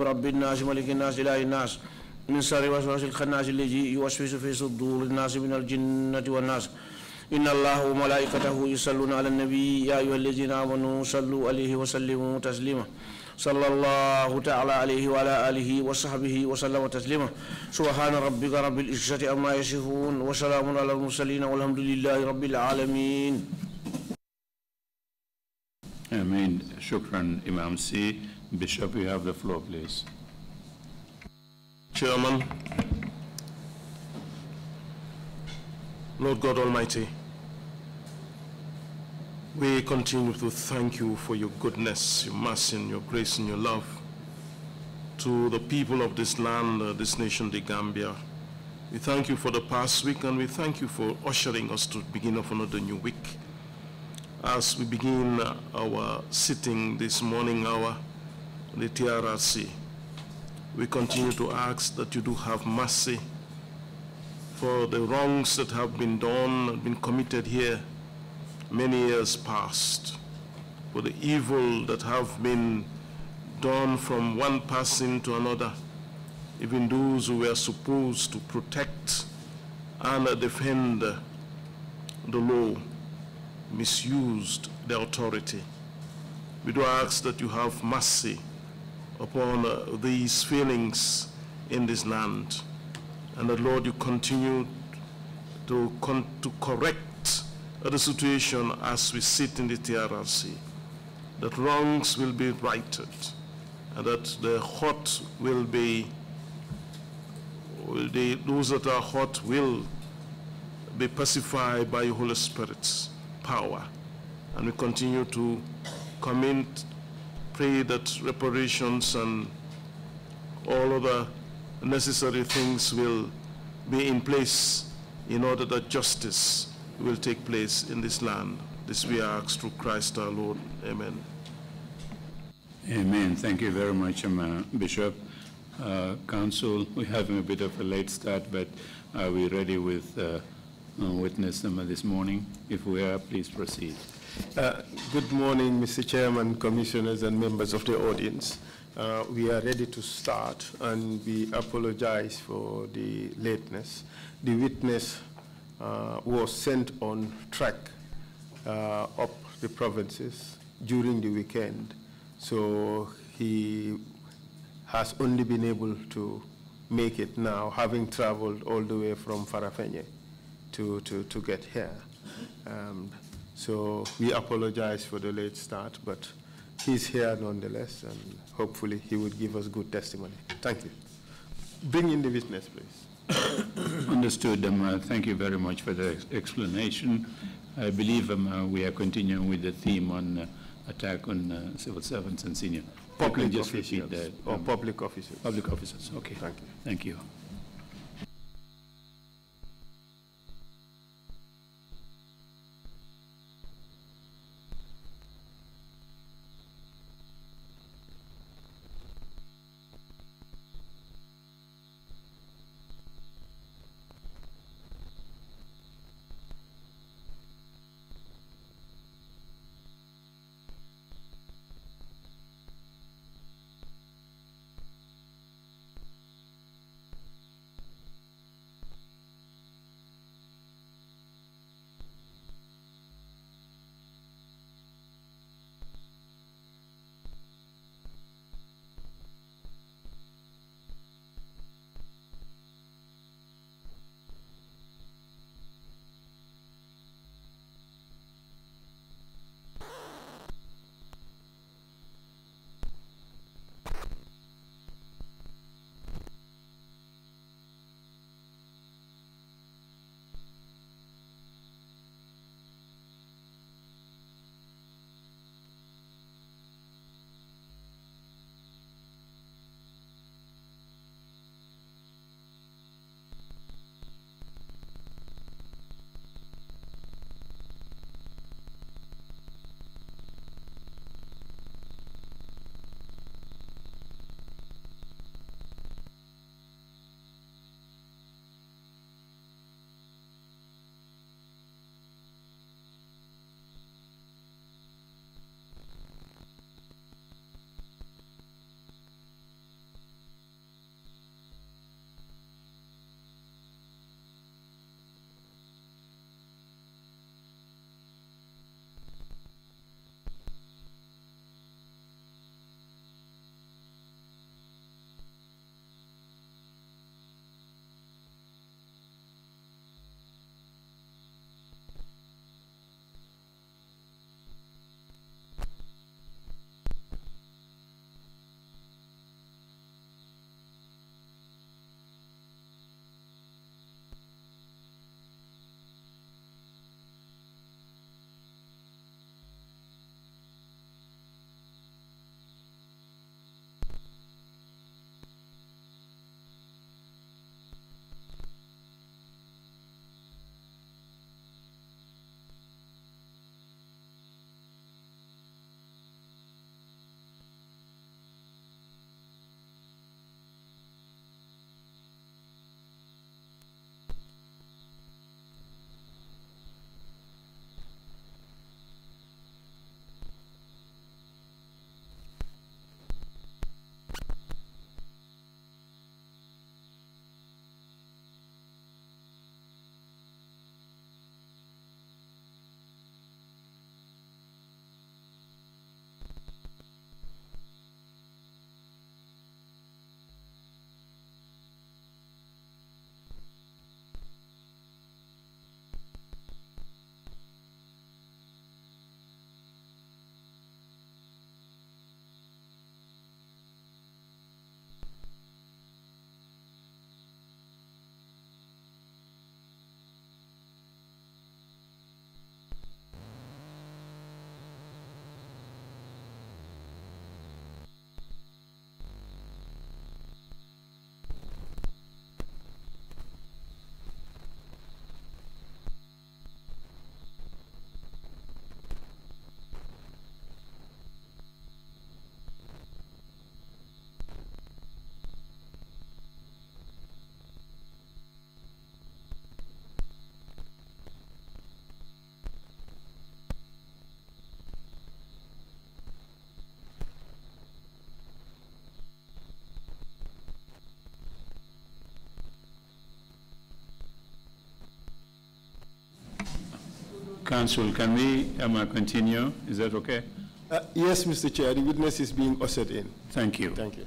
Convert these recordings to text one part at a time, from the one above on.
رب الناس ملك الناس إله الناس من سر وسواس الخناس الذي يوسوس في صدور الناس من الجنة والناس إن الله وملائكته يصلون على النبي يا أيها الذين آمنوا صلوا عليه وسلموا تسليما صلى الله تعالى عليه وعلى آله وصحبه وسلم تسليما سبحان ربك رب العزة عما يصفون وسلام على المرسلين والحمد لله رب العالمين آمين شكرا إمام سي Bishop, you have the floor, please. Chairman, Lord God Almighty, we continue to thank you for your goodness, your mercy, and your grace, and your love to the people of this land, uh, this nation, the Gambia. We thank you for the past week, and we thank you for ushering us to begin of another new week. As we begin our sitting this morning hour, the TRRC. We continue to ask that you do have mercy for the wrongs that have been done, been committed here many years past, for the evil that have been done from one person to another, even those who were supposed to protect and defend the law misused the authority. We do ask that you have mercy upon uh, these feelings in this land. And that, Lord, you continue to, con to correct uh, the situation as we sit in the TRRC, that wrongs will be righted, and that the hot will be, will be, those that are hot will be pacified by your Holy Spirit's power. And we continue to commit pray that reparations and all other necessary things will be in place in order that justice will take place in this land. This we ask through Christ our Lord. Amen. Amen. Thank you very much, Bishop. Uh, Council, we're having a bit of a late start, but are we ready with uh, witness number this morning? If we are, please proceed. Uh, good morning, Mr. Chairman, commissioners, and members of the audience. Uh, we are ready to start, and we apologize for the lateness. The witness uh, was sent on track uh, up the provinces during the weekend, so he has only been able to make it now, having traveled all the way from Farafenye to, to, to get here. Um, so we apologize for the late start, but he's here nonetheless, and hopefully he will give us good testimony. Thank you. Bring in the witness, please. Understood. Um, uh, thank you very much for the explanation. I believe um, uh, we are continuing with the theme on uh, attack on uh, civil servants and senior oh, um, public officials. That, um, or public officers. Public officers. Okay. Thank you. Thank you. Council, can we um, uh, continue? Is that okay? Uh, yes, Mr. Chair, the witness is being ushered in. Thank you. Thank you.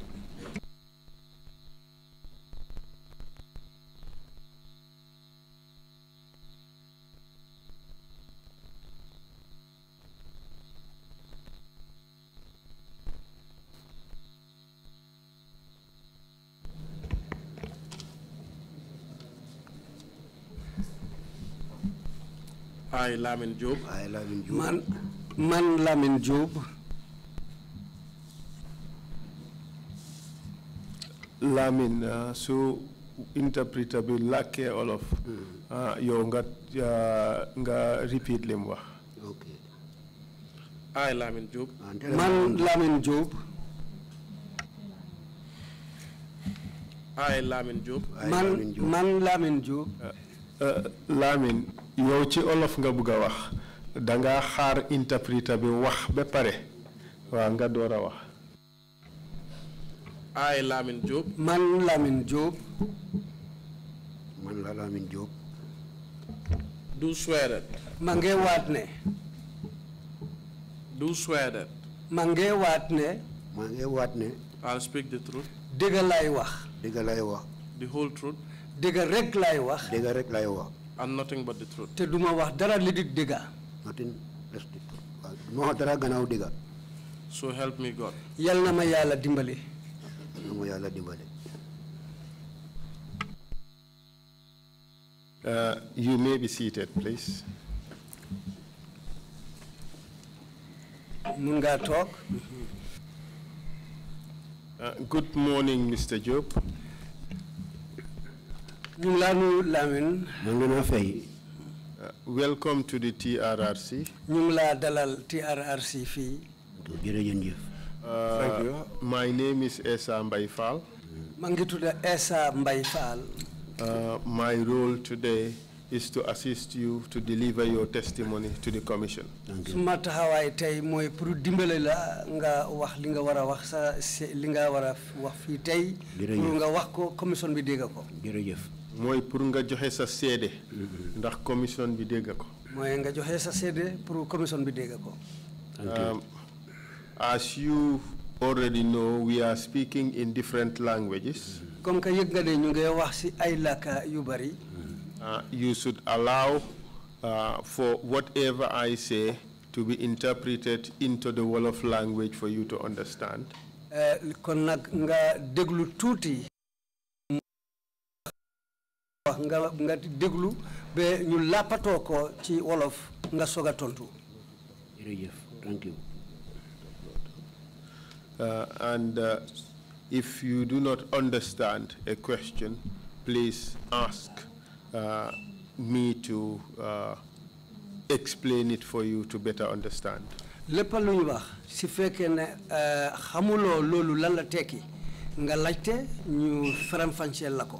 Ay Lamine Diop Ay Lamine Diop man man Lamine Diop Lamine uh, so interpreter bi lakke olof mm. uh, yow nga uh, nga repeat lim wax okay ay Lamine Diop man Lamine Diop ay Lamine Diop man man Lamine Diop uh, uh, Lamine yow ci olof nga bëgg a wax da nga xaar interpréter bi wax ba pare waaw nga door a wax ay lamine job man lamine job man la job do swear it mangé wat né do swear it mangé wat né mangé wat né i'll speak the truth deug lay wax deug lay wax the whole truth deug rek lay wax deug rek lay wax and nothing but the truth. te duma wax dara nothing the truth. duma wax dara so help me God. ma yàlla dimbali. ma yàlla dimbali. Uh, you may be seated, please. Munga talk. Uh, good morning, Mr. Job. Uh, welcome to the TRRC. Uh, my name is Essa Mbaye uh, my role today is to assist you to deliver your testimony to the commission pour nga joxe sa ndax commission bi dégg ko. nga joxe sa pour commission bi dégg ko. Um, as you already know we are speaking in different languages. comme que nga ne ñu wax ci ay yu bari. Uh, you should allow uh, for whatever I say to be interpreted into the wolof language for you to understand. Uh, kon nga déglu tuuti nga nga déglu ñu ko ci wolof nga tontu. thank you. Uh, and uh, if you do not understand a question, please ask uh, me to uh, explain it for you to better understand. lépp lu ñu wax ne uh, lan la nga ñu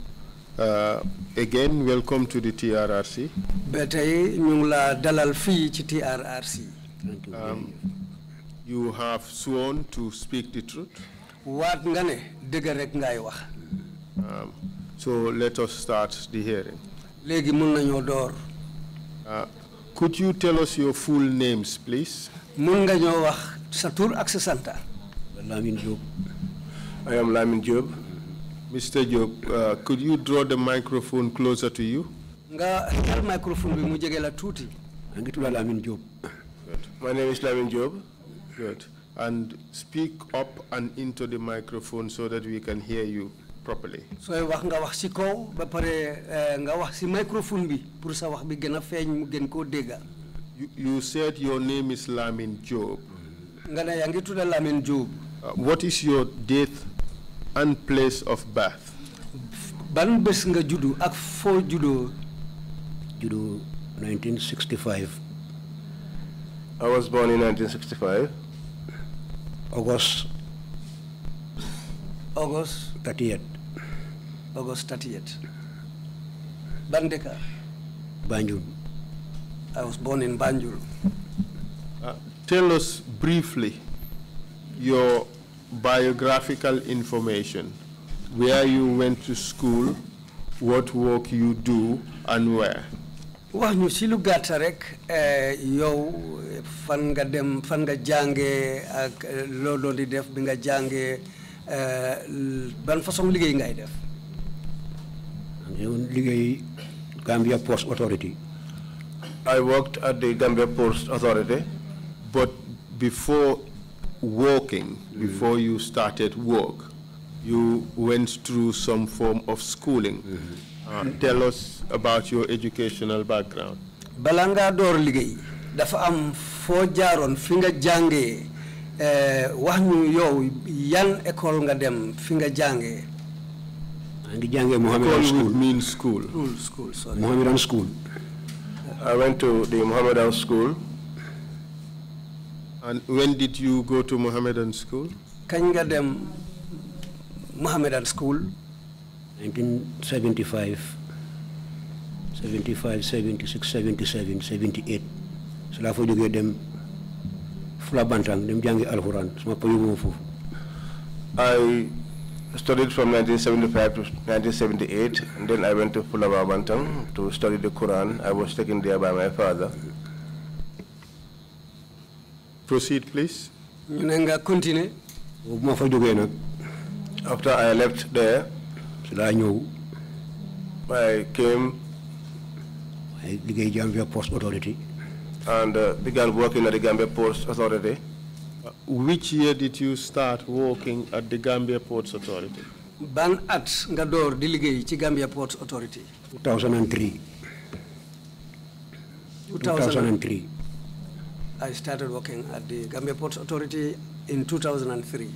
Uh, again, welcome to the TRRC. Betay ñu dalal fi TRRC. Um, you have sworn to speak the truth. Waat ne um, So let us start the hearing. Léegi uh, Could you tell us your full names, please? tur I am Lamin Job. Mr. Job, uh, could you draw the microphone closer to you? Nga hel microphone bi mu jege la Ngi tudda Lamin Job. My name is Lamin Job. Good. And speak up and into the microphone so that we can hear you properly. So wax nga wax si kaw ba pare eh, nga wax si microphone bi pour sa wax bi gena a feeñ mu gën koo dégga. You said your name is Lamin Job. Nga ne yaa ngi tudda Lamin Job. Uh, what is your date and place of birth. ban bés nga juddu ak foo juddoo. juddu 1965. I was born in 1965. August. August. 38. August 38. Ban Banjul. I was born in Banjul. Uh, tell us briefly your biographical information, where you went to school, what work you do, and where. wax ñu si lu gàtta rek eh, yow fan nga dem fan nga jàngee ak eh, loo doon di def bi nga jàngee eh, ban façon liggéey ngay def liggéey Gambia Post Authority I worked at the Gambia Post Authority but before working, before you started work, you went through some form of schooling. Uh, tell us about your educational background. Balanga door liggey dafa am fo jaaroon fi nga jàngee eh, wax ñu yow yan école nga dem fi nga jàngee. maa ngi jàngee Mohammedan school. École mean school. School, school, sorry. Mohammedan school. I went to the Mohammedan school. And when did you go to Mohammedan school? kañ dem Mohammedan school. 1975, 75, 76, 77, 78. So jàngi I studied from 1975 to 1978, and then I went to Fula to study the Quran. I was taken there by my father. Proceed, please. Continue. After I left there, I came the Gambia Post Authority. And uh, began working at the Gambia Post Authority. Uh, which year did you start working at the Gambia Ports Authority? Ban at Ngador Diligay Gambia Ports Authority. 2003. 2003. I started working at the Gambia Ports Authority in 2003.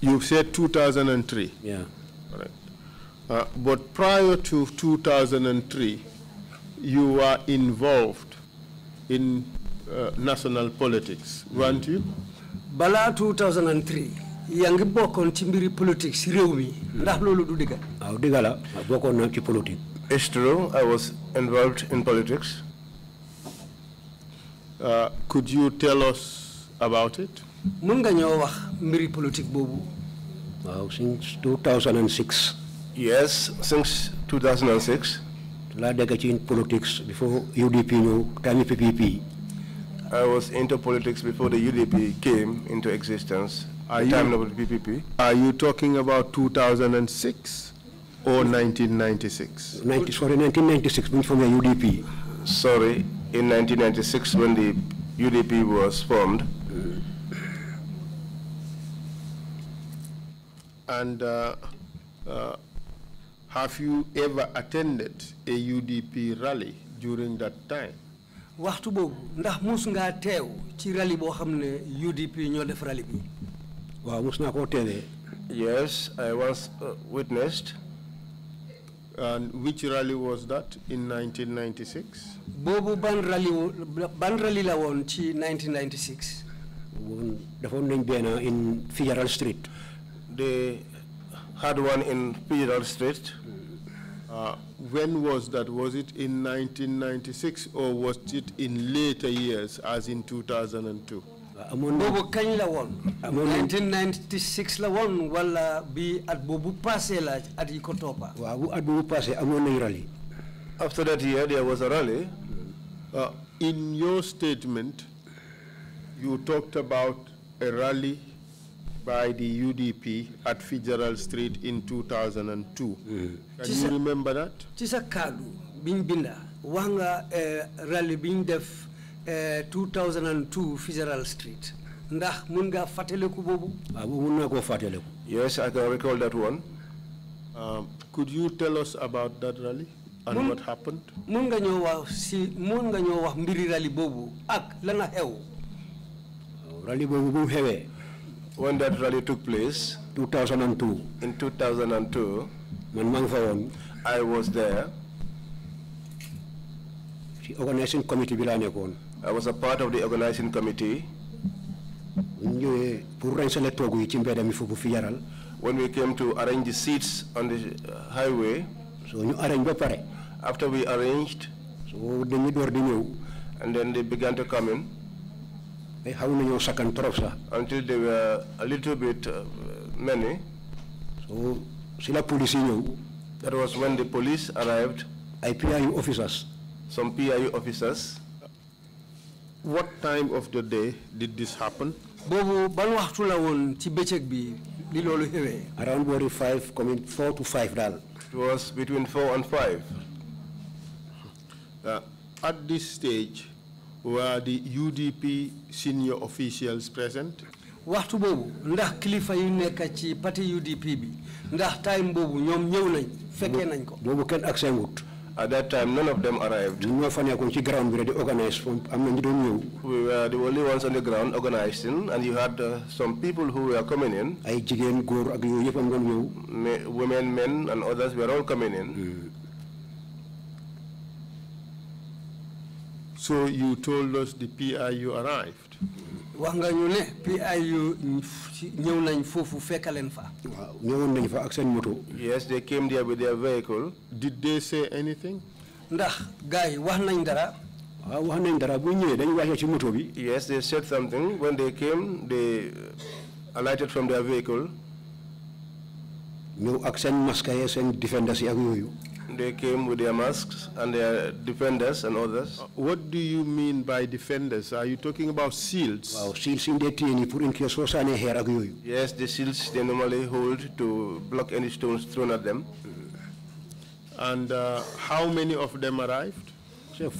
You've said 2003? Yeah. All right. Uh, but prior to 2003, you were involved in uh, national politics, weren't you? Bala 2003, yangi bokon ci mbiri politics rew mi ndax lolu du digal. Aw digal la bokon It's true, I was involved in politics. Uh, could you tell us about it? since 2006. yes since 2006. I dégg ci politics before UDP ñëw tànn PPP. I was into politics before the UDP came into existence. Are the time of the PPP. Are you talking about 2006 or 1996? 90, sorry, 1996 when from the UDP. Sorry, in 1996 when the UDP was formed. And uh, uh, have you ever attended a UDP rally during that time? waxtu boobu ndax mus ngaa teew ci rally boo xam UDP ñoo def rally bi. waaw mus naa koo teewee. yes I was uh, witnessed. And which rally was that in 1996? Bobu ban rally ban rally la 1996. The founding nañ in Federal Street. They had one in Federal Street. Uh, when was that? Was it in 1996 or was it in later years as in 2002? boobu kañ la woon. amoon 1996 la woon wala bi at boobu passé la at yi ko toppa. waaw bu at boobu passé amoon rally. after that year there was a rally. Uh, in your statement, you talked about a rally by the UDP at Fitzgerald Street in 2002. Mm. Can you remember that? Chisa Kadu, Bingbinda, Wanga eh, rally being def Eh, 2002 Fitzgerald Street Ndah munga ngaa fàttaliku Abu waaw ko naa yes I can recall that one. Um, could you tell us about that rally. and what happened. Munga nga ñoo si munga nga ñoo mbiri rally boobu ak lana a oh, rally boobu bu xewee. when that rally took place. 2002. in 2002. man maa ngi I was there. ci organising committee bilanya laa nekkoon. I was a part of the organizing committee. When we came to arrange the seats on the uh, highway, after we arranged, and then they began to come in. Until they were a little bit uh, many. So, that was when the police arrived. I PIU officers. Some PIU officers. What time of the day did this happen? Around 5 coming 4 to 5 It was between 4 and 5. Uh, at this stage were the UDP senior officials present? waxtu boobu ndax kilifa yu ci parti UDP bi ndax time ñëw nañ nañ ko ak at that time, none of them arrived. We were the only ones on the ground organizing, and you had uh, some people who were coming in. Me, women, men, and others were all coming in. Hmm. So you told us the PIU arrived wax nga PIU ñëw nañ foofu fekk leen fa. waaw ñëwoon nañ fa ak seen moto. yes they came there with their vehicle. did they say anything. ndax gars yi wax nañ dara. waaw wax nañ dara bu ñëwee dañu wàccee ci moto bi. yes they said something when they came they alighted from their vehicle. ñëw ak seen masque yi seen defenders yi ak yooyu. They came with their masks and their defenders and others. Uh, what do you mean by defenders? Are you talking about shields? Wow, shields in the put in case Yes, the shields they normally hold to block any stones thrown at them. And uh, how many of them arrived? Full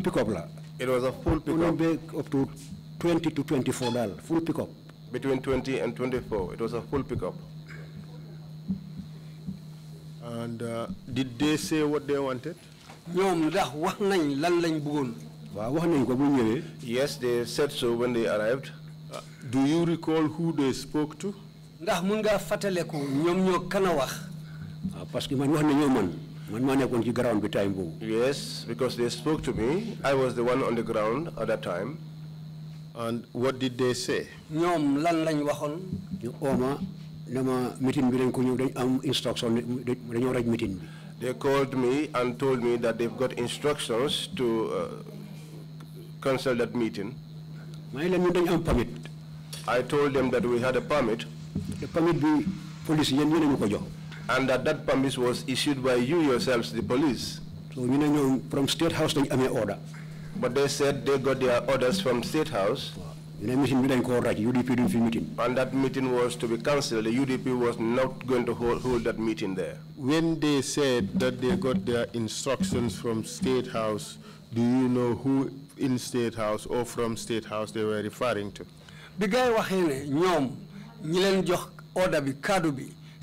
pickup. It was a full pickup. Up to 20 to 24 full pickup. Between 20 and 24, it was a full pickup. And uh, did they say what they wanted? Yes, they said so when they arrived. Uh, do you recall who they spoke to? Yes, because they spoke to me. I was the one on the ground at that time. And what did they say? dama meeting bi dañ ko ñëw dañ am instruction dañoo raj meeting bi. They called me and told me that they've got instructions to uh, cancel that meeting. may leen ñu dañ am permit. I told them that we had a permit. The permit bi police yéen ñu ñu ko jox. And that that permit was issued by you yourselves, the police. So ñu ne from State House dañ amee order. But they said they got their orders from State House. And that meeting was to be cancelled. The UDP was not going to hold, hold, that meeting there. When they said that they got their instructions from State House, do you know who in State House or from State House they were referring to? The guy was Order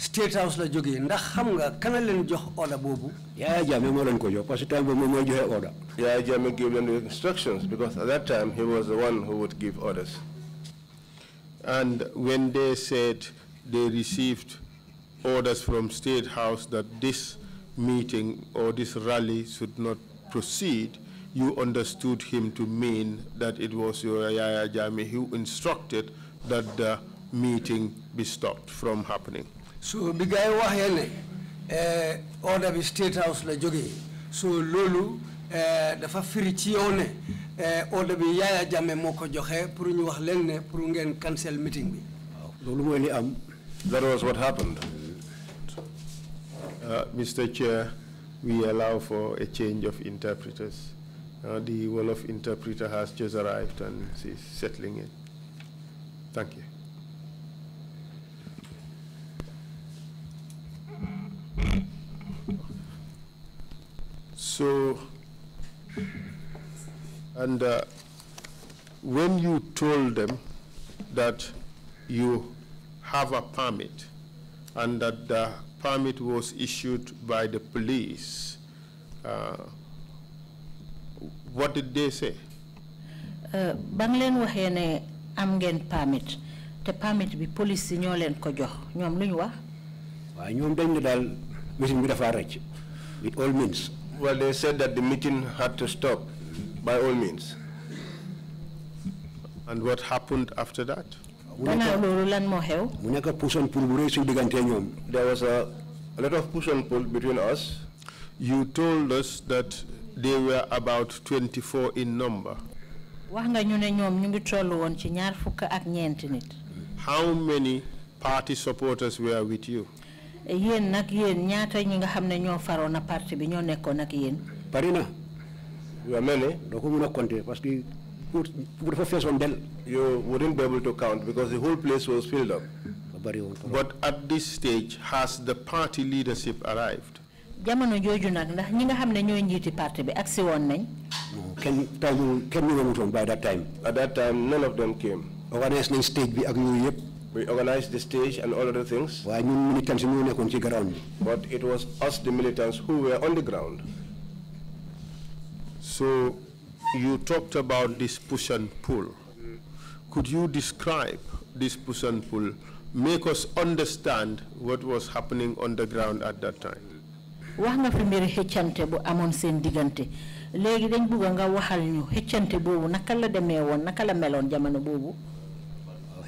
state house la jógee ndax xam nga kana leen jox order bobu. Yaya Jammeh moo leen ko jox parce que time joxe order. Yaya Jammeh gave them the instructions because at that time he was the one who would give orders. And when they said they received orders from State House that this meeting or this rally should not proceed, you understood him to mean that it was your Yaya Jammeh who instructed that the meeting be stopped from happening so bi gars yi waxee ne eh, order bi State House la jógee so loolu eh, dafa firi ci yow ne eh, order bi Yaya Jammeh moo ko joxe pour ñu wax leen ne pour ngeen cancel meeting bi. waaw loolu mooy am. That was what happened. Uh, Mr. Chair, we allow for a change of interpreters. Uh, the Wolof interpreter has just arrived and she's settling it Thank you. So, and uh, when you told them that you have a permit and that the permit was issued by the police, uh, what did they say? Uh, banglen len waxé né permit The permit be police ñoo leen ko jox ñom luñ meeting bi dafa with all means. Well, they said that the meeting had to stop by all means. And what happened after that? There was a, a lot of push and pull between us. You told us that they were about 24 in number. How many party supporters were with you? yéen nag yéen ñaata ñi nga xam ñoo faroon na parti bi ñoo nekkoon ak yéen. bari na yoo mel ko mun a parce que pour pour dafa feesoon del. you wouldn't be able to count because the whole place was filled up. But at this stage, has the party leadership arrived? jamono jooju nag ndax ñi nga xam ne ñooy parti bi agsi woon nañ. kenn time kenn ñëwutoon by that time. at that time none of them came. organisé nañ stage bi ak ñooñu yëpp. We organized the stage and all other things. But it was us, the militants, who were on the ground. So you talked about this push and pull. Could you describe this push and pull? Make us understand what was happening on the ground at that time.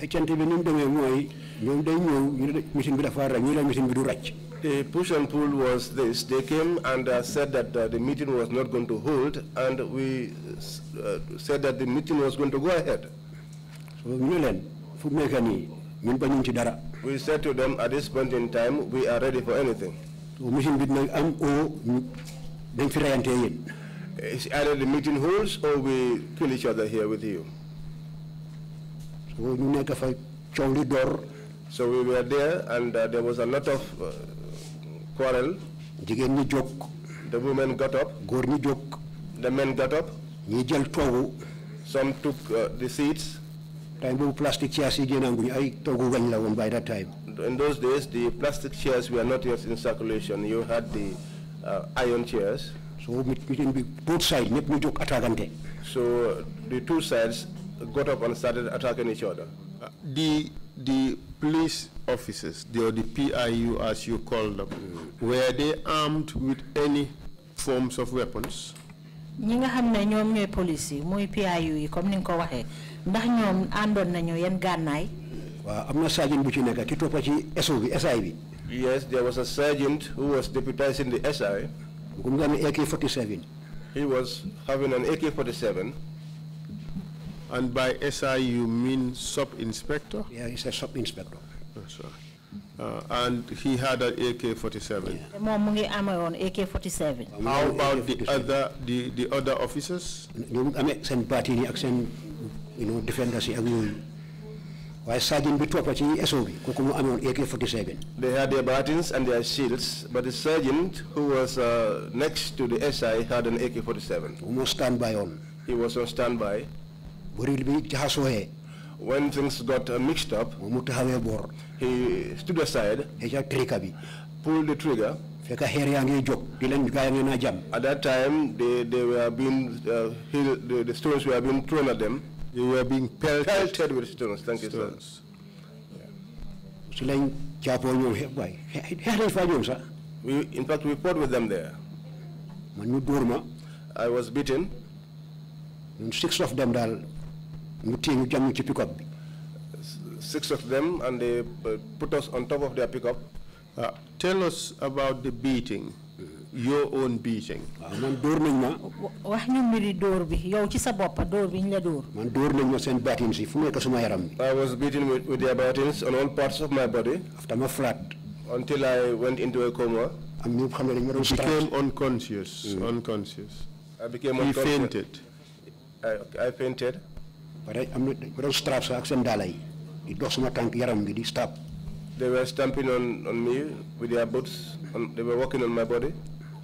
Eh, bi ni mu demee mooy ñoom day ñëw ñu ne machine bi dafa ñu ne machine bi du The push and pull was this. They came and uh, said that uh, the meeting was not going to hold, and we uh, said that the meeting was going to go ahead. We said to them, at this point in time, we are ready for anything. Is eh, either the meeting holds or we kill each other here with you ñu nekk fa coow so we were there and uh, there was a lot of uh, quarrel. jigéen ñi jóg. the women got up. góor ñi jóg. the men got up. ñi jël toogu. some took uh, the seats. time boobu plastic chairs yi génnaanguñu ay by that time. in those days the plastic chairs were not yet in circulation you had the uh, iron chairs. so meeting both sides ñëpp ñu jóg attaquante. so the two sides got up and started attacking each other? Uh, the the police officers, the, or the PIU as you call them, mm. were they armed with any forms of weapons? ñi nga xam ne police yi PIU yi comme ni nga ko waxee ndax ñoom àndoon nañu yan gànnaay. am na sergeant bu ci nekk ki toppa ci SO bi SI bi. yes there was a sergeant who was deputizing the SI. bu ko AK-47. he was having an AK-47. And by SI, you mean sub-inspector? Yeah, he's a sub-inspector. That's oh, right. Uh, and he had an AK-47. Yeah. AK-47. How about the other the, the other officers? I'm party ni aksen you know defenders ni agun. Why sergeant bitu apa SOB? Kukumu amon AK-47. They had their batons and their shields, but the sergeant who was uh, next to the SI had an AK-47. Almost standby on. He was on standby when things got uh, mixed up, he stood aside, pulled the trigger. At that time, they, they were being, uh, he, the, the, stones were being thrown at them. They were being pelted, pelted with stones. Thank stones. you, sir. We, in fact, we fought with them there. I was beaten. Six of them Six of them, and they uh, put us on top of their pickup. Uh, tell us about the beating, your own beating. Ah, man ma. door. Man I was beaten with, with their on all parts of my body. After my flat. Until I went into a coma. I became unconscious, mm. unconscious. I became he unconscious. He fainted. I, I fainted pare am na pare strap sa ak seen daala yi di dox sama tànk yaram bi di strap. they were stamping on on me with their boots and they were walking on my body.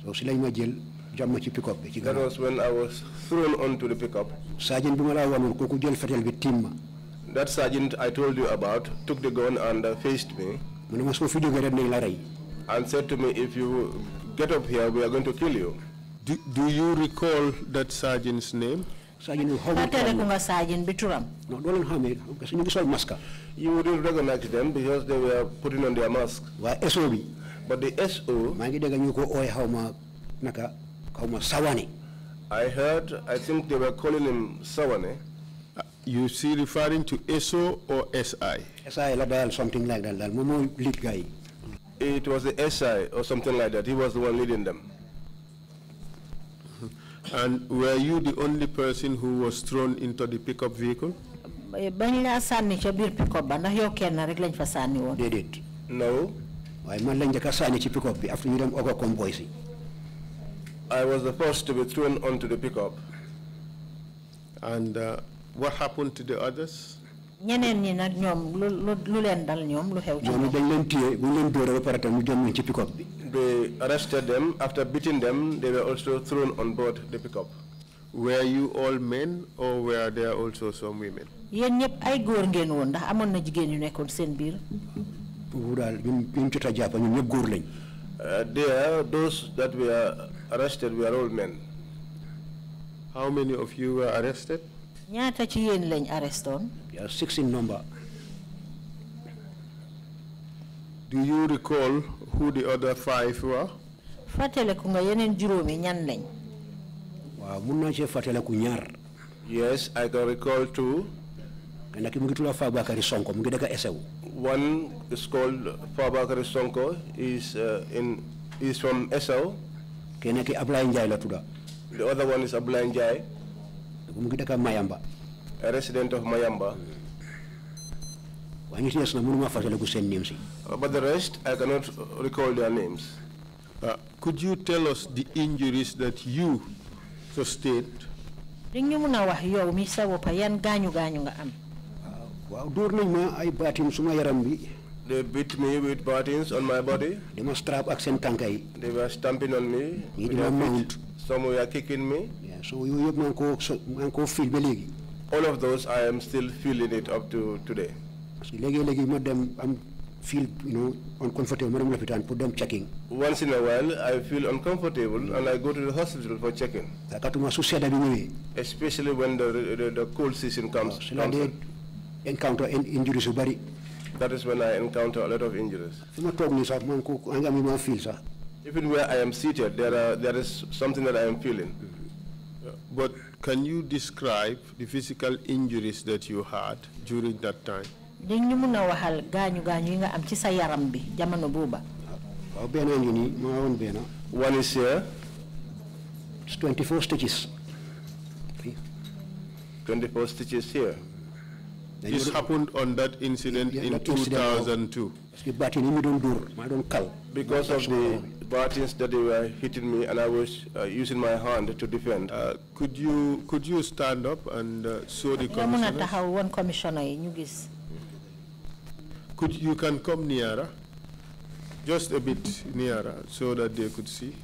so si I ma jël jàmm ci pick up bi. ci gannaaw that was when I was thrown onto the pickup. sergeant bi ma laa wanoon kooku jël fetel bi that sergeant I told you about took the gun and uh, faced me. and said to me if you get up here we are going to kill you. do you recall that sergeant's name? you wouldn't recognize them because they were putting on their mask but the SO I heard I think they were calling him sawane you see referring to SO or SI SI something like that lead guy it was the SI or something like that he was the one leading them and were you the only person who was thrown into the pickup vehicle? no. I was the first to be thrown onto the pickup. And uh, what happened to the others? ñeneen ñi nag ñoom lu lu leen dal ñoom lu xew. ci ñoom dañ leen bu ñu leen dóoree ba pare tam ñu jëm ci bi they arrested them. After beating them, they were also thrown on board the pickup. Were you all men or were there also some women? yéen ñëpp ay góor ngeen woon ndax amoon na jigéen uh, there those that were arrested were all men. How many of you were arrested? ñaata ci yéen we are six in number. Do you recall who the other five were? Fateleku nga yeneen juróomi ñan lañ. Waaw mun naa cee fateleku ñaar. Yes, I can recall two. Kenn ki mu ngi tudd Fabakary Sonko mu ngi dëkk Essew. One is called Fabakary Sonko is uh, in is from Essew. Kenn ki Ablaye Ndiaye la tudd. The other one is Ablaye Ndiaye. Mu ngi Mayamba. A resident of Mayamba. Mm. Uh, but the rest, I cannot uh, recall their names. Uh, could you tell us the injuries that you sustained? Uh, they beat me with buttons on my body. They were stamping on me. With Some were kicking me. Yeah, so you, you, all of those I am still feeling it up to today léegi-léegi ma dem am feel you know uncomfortable ma dem lopitaan pour dem checking. once in a while I feel uncomfortable and I go to the hospital for checking. katuma su sedda bi ñëwee. especially when the the, the cold season comes. waaw su la dee encounter injuries yu bari. that is when I encounter a lot of injuries. fi ma toog nii sax man ku ku nga ma feel sax. even where I am seated, there, are, there is something that I am feeling. Mm -hmm. uh, but can you describe the physical injuries that you had during that time? ñu waxal yi nga am ci sa yaram bi jamono booba. one is here. Uh, it's 24 stitches. 24 stitches here. This happened on that incident in 2002. because of the batons that they were hitting me and I was uh, using my hand to defend. Uh, could you could you stand up and uh, show the commissioner? Could you can come nearer, just a bit nearer, so that they could see.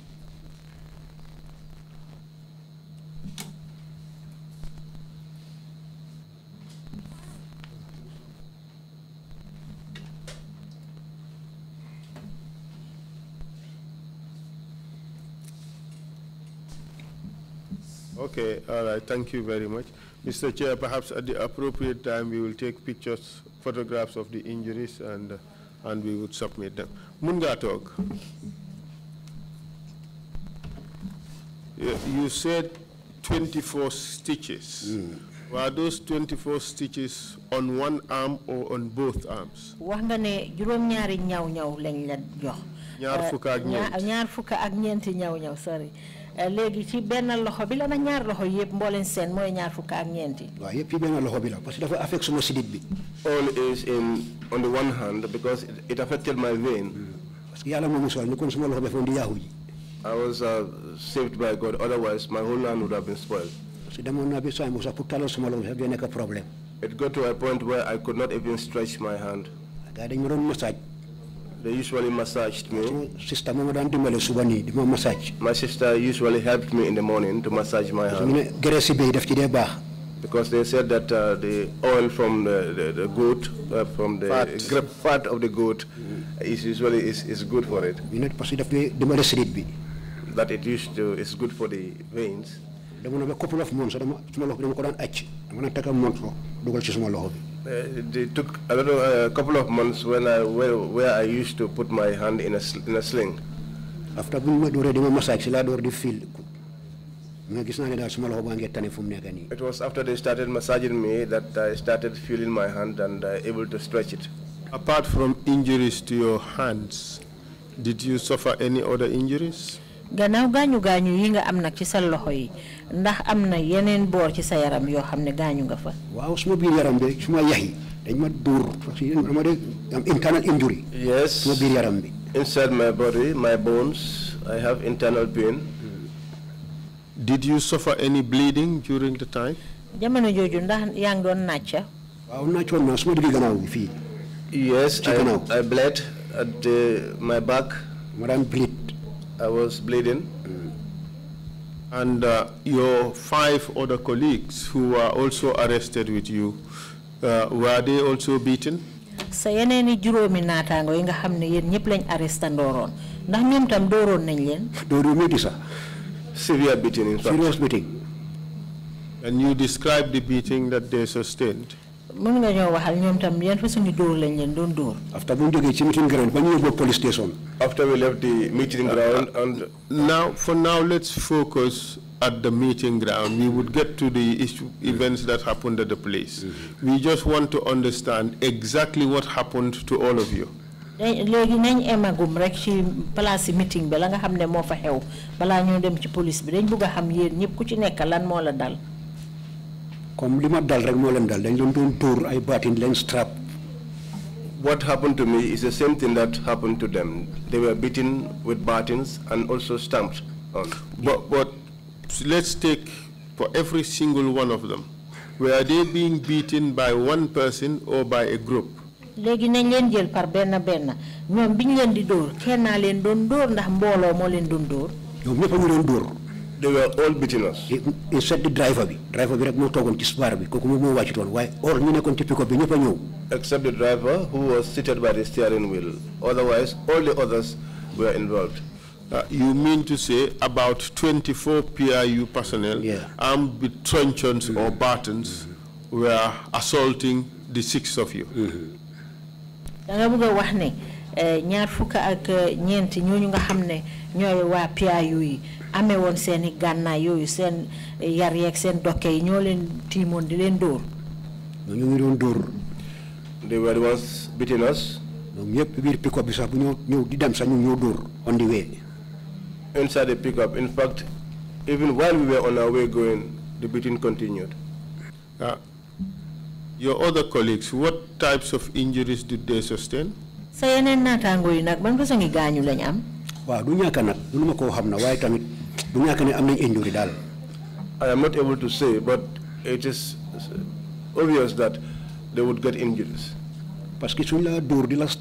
Okay, all right, thank you very much. Mr. Chair, perhaps at the appropriate time we will take pictures, photographs of the injuries and, uh, and we would submit them. Munga talk. You said 24 stitches. Mm. Were those 24 stitches on one arm or on both arms? wax nga ak eh, ñeent ñaar sorry ci eh, loxo bi la na ñaar loxo ñaar ak ci loxo bi la parce que dafa sidit bi. all is in on the one hand because it affected my vein. Hmm. parce que yàlla kon loxo dafa ji. I was uh, saved by God otherwise my whole hand would have been spoiled. parce que bi sax pour talal loxo problème. It got to a point where I could not even stretch my hand. dañ ma massage. They usually massaged me. Sister massage. My sister usually helped me in the morning to massage my hand. Because they said that uh, the oil from the, the, the goat, uh, from the fat. fat. of the goat, is usually is, is good for it. That it used to is good for the veins. A couple of months, it uh, took I don't know, a couple of months when I where, where I used to put my hand in a in a sling. After being ma already, my massage si already feel It was after they started massaging me that I started feeling my hand and uh, able to stretch it. Apart from injuries to your hands, did you suffer any other injuries? gannaaw gaañu gaañu yi nga am nag ci sa loxo ndax am na yeneen ci sa yaram yoo xam ne nga fa. waaw suma biir yaram bi suma yax dañ ma parce que dama am internal injury. yes suma biir yaram bi. inside my body my bones I have internal pain. did you suffer any bleeding during the time. jamono ndax waaw suma gannaaw yes I I bled at my back. ma bleed. I was bleeding. Mm. And uh, your five other colleagues who were also arrested with you, uh, were they also beaten? sa yeneeni juróomi naataango yi nga xam ne yéen ñëpp lañ arresté ndooroon ndax ñoom tam dooroon nañ leen. door yu métti sax. severe beating in fact. serious beating. and you describe the beating that they sustained mën nga ñoo waxal ñoom tam yan dóor lañ leen doon dóor. after jógee ci meeting ground ba ñu police station. after we left the meeting ah, ground ah. and now for now let's focus at the meeting ground we would get to the issue, mm-hmm. events that happened at the place. Mm-hmm. we just want to understand exactly what happened to all of you. léegi nañ emagum rek ci place meeting ba la nga xam ne moo fa xew balaa ñoo dem ci police bi dañ bëgg a xam yéen ñëpp ku ci nekk lan moo la dal comme li dal rek moo leen dal dañ doon doon dóor ay baatin leen strap. What happened to me is the same thing that happened to them. They were beaten with batons and also stamped on. But, but let's take for every single one of them. Were they being beaten by one person or by a group? léegi nañ leen jël par benn benn ñoom biñ leen di dóor kenn naa leen dóor ndax mbooloo moo leen doon dóor. ñoom ñëpp ñu doon dóor they were all beating us. He said the driver bi driver bi rek moo toogoon ci We, bi kooku moom moo on why. or ñu nekkoon ci pick-up bi ñëpp except the driver who was seated by the steering wheel otherwise all the others were involved. Uh, you mean to say about 24 PIU personnel yeah. armed with truncheons mm -hmm. or batons mm -hmm. were assaulting the six of you. da nga bëgg a wax ne eh, ñaar fukk ak PIU eh, Ame won seeni gànnaay yooyu sen eh, yar yek sen dokke ñoo leen timon di leen door ñu ngi doon door they were was ones beating us. ñoom ñëpp biir pick up bi sax bu ñoo ñëw di dem sax ñu ñoo door on the way. inside the pick up in fact even while we were on our way going the beating continued. Uh, your other colleagues what types of injuries did they sustain. sa yeneen naataangoo yi nak ban ko sangi gañu lañ am. wa du ñaka nak lu koo xam na tamit. I am not able to say, but it is obvious that they would get injuries. Because if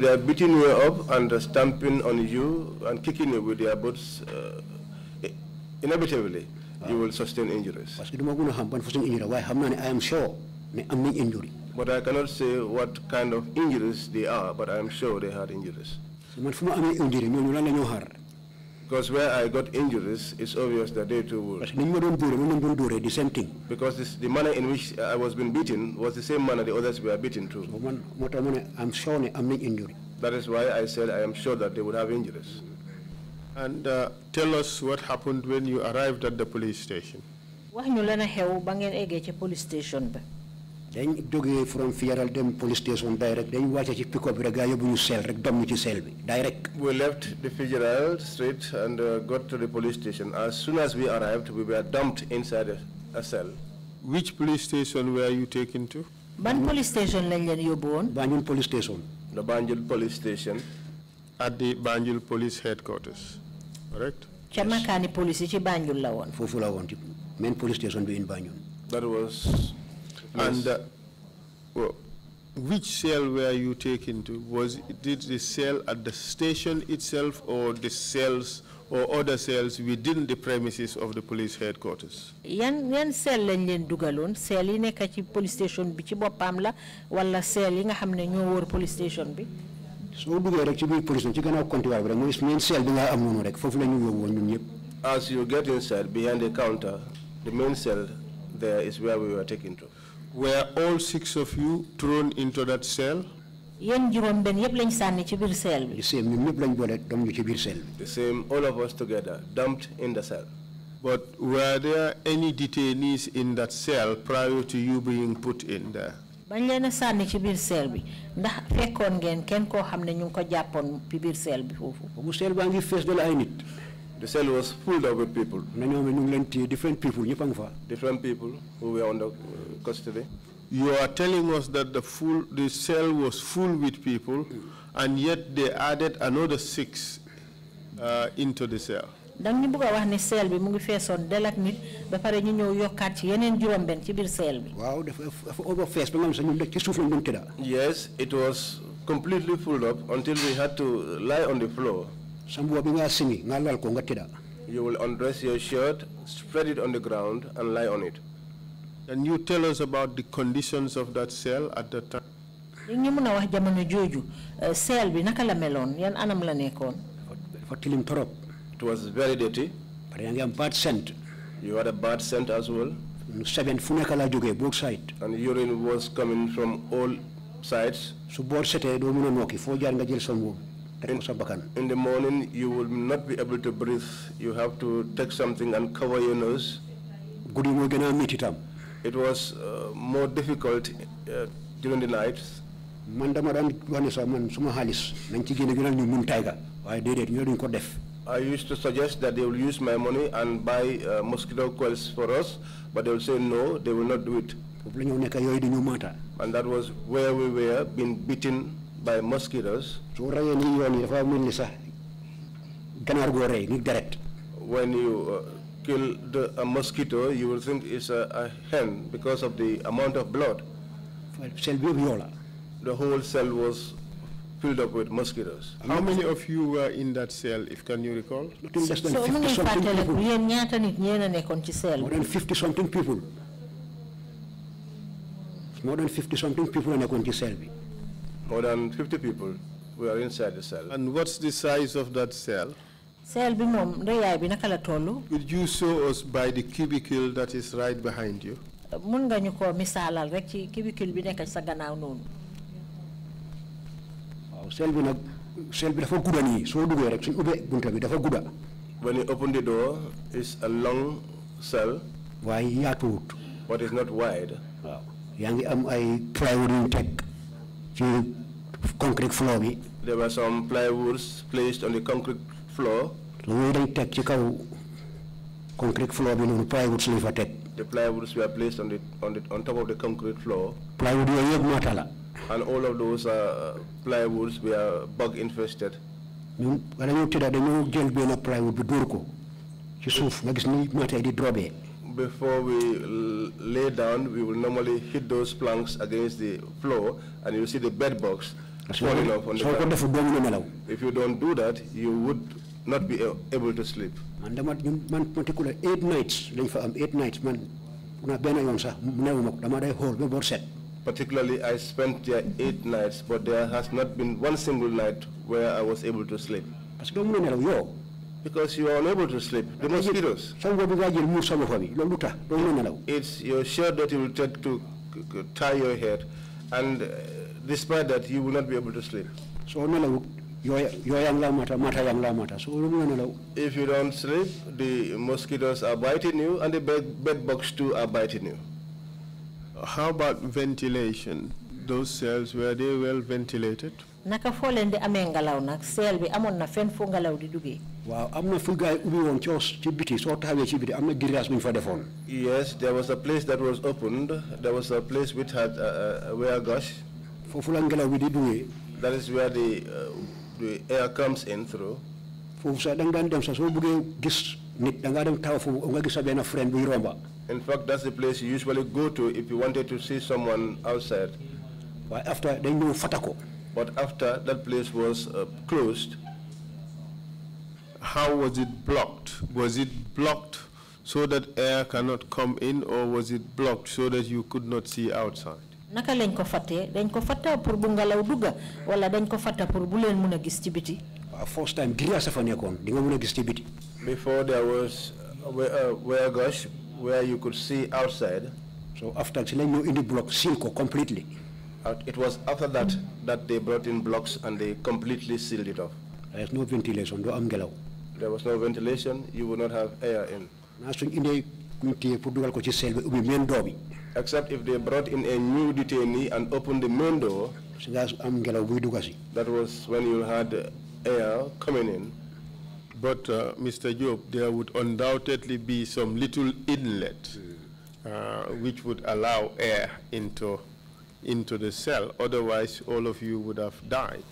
they are beating you up and stamping on you and kicking you with their boots, uh, inevitably ah. you will sustain injuries. I am sure injury. But I cannot say what kind of injuries they are, but I am sure they had injuries. Because where I got injuries, it's obvious that they too would. The same thing. Because this, the manner in which I was being beaten was the same manner the others were beaten too. I'm sure I'm not That is why I said I am sure that they would have injuries. And uh, tell us what happened when you arrived at the police station. police station dañ jógee from fieral dem police station direct dañ wàcce ci pick up bi rek gaa yóbbu ñu sel rek dom ci sel bi direct. we left the federal street and uh, got to the police station as soon as we arrived we were dumped inside a, a cell. which police station were you taken to. ban police station lañ leen yóbbu Banjul police station. the Banjul police station. at the Banjul police headquarters correct. ca makaani police yi ci Banjul la woon. foofu la woon ci main police station bi in Banjul. that was. Yes. And uh, well, which cell were you taken to? Was did the cell at the station itself, or the cells or other cells within the premises of the police headquarters? Yen yen cell lenyen dugalon cell ine nekk police station bi ci boppam wala cell inga hamne xam police station bi. soo duggee rek ci biir police ci gannaaw comptoir bi rek mooy main cell bi nga rek foofu la ñu As you get inside behind the counter, the main cell there is where we were taken to. Were all six of you thrown into that cell? bi. the same the same all of us together dumped in the cell. But were there any detainees in that cell prior to you being put in there? bañ leen a sànni bi ndax fekkoon ngeen kenn koo xam bi the cell was full of people. Different people. Different people who were under uh, custody. You are telling us that the full the cell was full with people, and yet they added another six uh, into the cell. dang ñu bëgg a wax ne bi mu ngi feesoon del ak nit ba pare ñu ñëw yokkaat ci yeneen juróom-benn ci biir seel bi. waaw dafa over face. ba nga xam sax ñun ci suuf la ñu yes it was completely full up until we had to lie on the floor. You will undress your shirt, spread it on the ground, and lie on it. Can you tell us about the conditions of that cell at that time? ñu mën a wax jamono jooju seel eh, bi naka la meloon yan anam la nekkoon. dafa tilim torop. it was very dirty. pare yaa am bad scent. you had a bad scent as well. seven fu nekk laa jógee both side. and urine was coming from all sides. su boor setee doo mën a nokki jaar nga jël son boobu. In, in the morning, you will not be able to breathe. You have to take something and cover your nose. It was uh, more difficult uh, during the night. I used to suggest that they will use my money and buy uh, mosquito coils for us, but they will say no, they will not do it. And that was where we were being beaten by mosquitoes su rayee nii yoon yi dafa mel ni sax ganaar goo rey when you uh, kill the, a mosquito you will think it's a, a hen because of the amount of blood cell bi yoo la the whole cell was filled up with mosquitoes. How many of you were in that cell, if can you recall? So, many something people. More than 50 something people. More than 50 something people in a twenty cell. More than 50 people. We are inside the cell. And what's the size of that cell? Cell bi mom reyaay bi naka la tollu? Could you show us by the cubicle that is right behind you? Mun nga ñu ko misalal rek ci cubicle bi nekk sa gannaaw noonu. Waaw cell bi nag cell bi dafa gudda nii soo duggee rek suñ ubbee bunta bi dafa gudda. When you open the door, it's a long cell. Waaye yaatuwut. But it's not wide. Waaw yaa ngi am ay plywood yu ci concrete floor bi. there were some plywoods placed on the concrete floor. lu dañ teg ci kaw concrete floor bi noonu plywoods lañ fa teg. the plywoods were placed on the on the on top of the concrete floor. plywood yooyu yëpp maata la. and all of those uh, plywoods were bug infested. ñun wala ñu tëdda dañoo jël benn plywood bi dóor ko ci suuf nga gis ni maata yi di drobee. before we lay down, we will normally hit those planks against the floor, and you see the bed bugs small enough on the If you don't do that, you would not be able to sleep. Man dama man particular eight nights dañ fa am eight nights man na ben yoon sax newuma dama day hol ba bor set. Particularly I spent there eight nights but there has not been one single night where I was able to sleep. Parce que mëna yo because you are unable to sleep. The mosquitoes. It's your shirt that you will take to tie your head and uh, despite that, you will not be able to sleep. So if you don't sleep, the mosquitoes are biting you and the bed, bed bugs too are biting you. How about ventilation? Those cells, were they well ventilated? na am na am na yes there was a place that was opened there was a place which had uh, uh, a, a, gosh that is where the uh, the air comes in through. in fact that's the place you usually go to if you wanted to see someone outside. after they knew fatako. but after that place was uh, closed. How was it blocked? Was it blocked so that air cannot come in or was it blocked so that you could not see outside? naka lañ ko fattee dañ ko fatta pour bu ngelaw dugga wala dañ ko fatta pour bu leen mun gis ci biti. first time grillage dafa nekkoon di nga mun gis ci biti. before there was uh, uh, where gosh where you could see outside. so after si lañ ñëw indi block seal ko completely. it was after that that they brought in blocks and they completely sealed it off. there was no ventilation doo am ngelaw. there was no ventilation you would not have air in. naa suñ indee kuñ téye pour dugal ko ci sel bi ubbi meen doo bi except if they brought in a new detainee and opened the main door. That was when you had air coming in. But, uh, Mr. Job, there would undoubtedly be some little inlet uh, which would allow air into, into the cell. Otherwise, all of you would have died.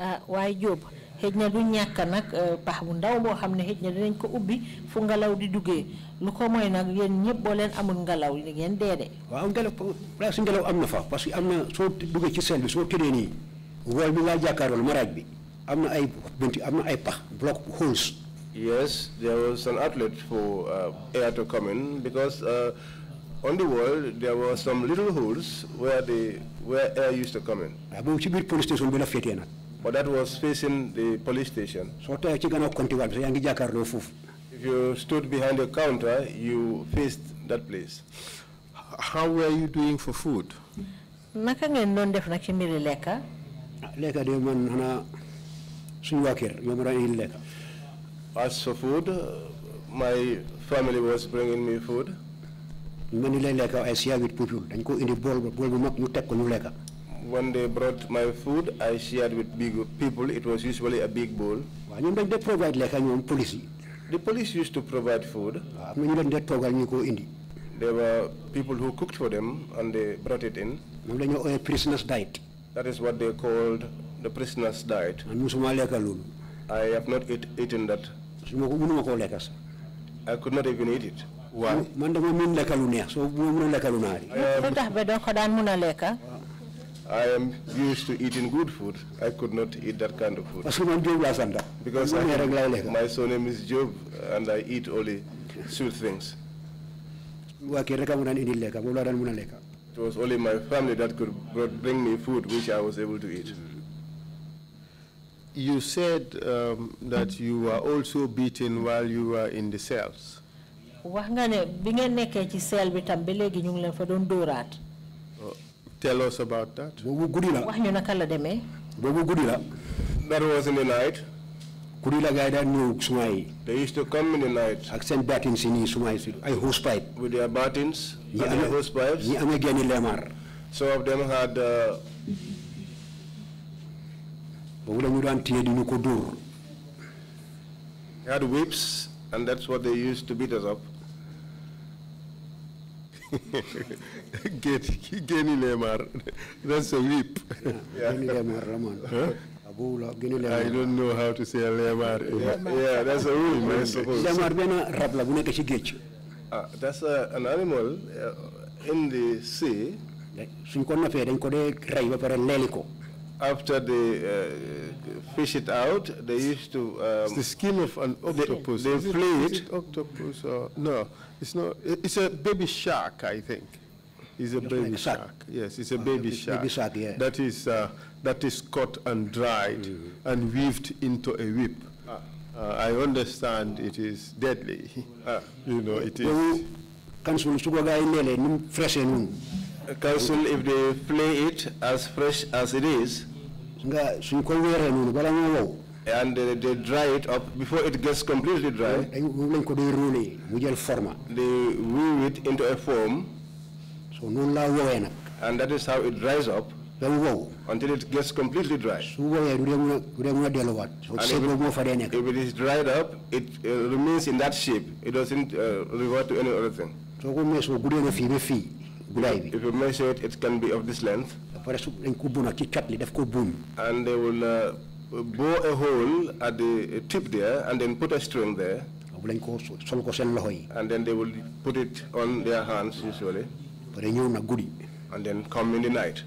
Uh, why, Jóob xëj na du ñàkk nag uh, pax bu ndaw boo xam ne xëj ko ubbi fu di lu ko mooy yéen ñëpp boo leen amul ngelaw li ngeen dee de. waaw place ngelaw am na fa parce que am na soo duggee ci sel bi soo tëddee nii wol bi ngaa jàkkaarool maraaj bi am na ay bunti am ay pax block holes. Yes, there was an outlet for uh, air to come in because uh, on the wall there were some little holes where the where air used to come in. waaw ci biir police station bi la féetee nag. But that was facing the police station. so tawee ci gannaaw comptoir bi yaa ngi jàkkaarloo foofu you stood behind a counter, you faced that place. How were you doing for food? Nakanga ngeen doon def leka. Leka de man xanaa suñu waa kër as for food my family was bringing me food man leka I share with people dañ ko indi bool bowl when they brought my food I shared with big people it was usually a big bowl waaw ñoom dañ provide leka ñoom police the police used to provide food. Ah, there were people who cooked for them and they brought it in. Prisoners diet. That is what they called the prisoner's diet. I have not eat, eaten that. I could not even eat it. Why? I, I am used to eating good food. I could not eat that kind of food. Because I, my surname is Job, and I eat only sweet things. It was only my family that could bring me food which I was able to eat. You said um, that you were also beaten while you were in the cells. ne Tell us about that. Bobu gudila. Wax ñu naka la démé? Bobu gudila. That was in the night. Gudila gaay da ñew suma yi. They used to come in the night. Ak seen batins ni suma yi ay hose pipe. With their batins, yeah, and their hose pipes. Ñi amé genn lemar. Some of them had uh, bobu lañu daan tiyé di ñu ko dóor. Had whips and that's what they used to beat us up génni lemar, That's a whip. Génni Neymar la man. I don't know how to say a Neymar. Yeah, that's a whip. I suppose. rab that's a, an animal uh, in the sea. Suñ ko nafee dañ ko dee after they uh, fish it out, they used to. Um, the skin of an octopus. They, they flay it. Octopus or no? It's not. It's a baby shark, I think. It's a Just baby like shark. shark. Yes, it's a oh, baby, baby shark. Baby shark, yeah. That is uh, that is cut and dried mm -hmm. and weaved into a whip. Uh, I understand it is deadly. Uh, you know, it is. Council, fresh Council, if they play it as fresh as it is, and uh, they dry it up before it gets completely dry. They weave it into a form. So And that is how it dries up until it gets completely dry. And if, it, if it is dried up, it uh, remains in that shape. It doesn't uh, revert to any other thing. If you measure it, it can be of this length. And they will uh, bore a hole at the tip there and then put a string there. And then they will put it on their hands usually. And then come in the night.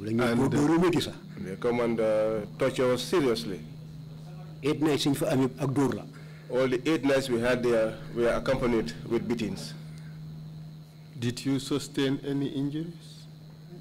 And, uh, and they come and uh, torture us seriously. Eight nights in All the eight nights we had there were accompanied with beatings. Did you sustain any injuries?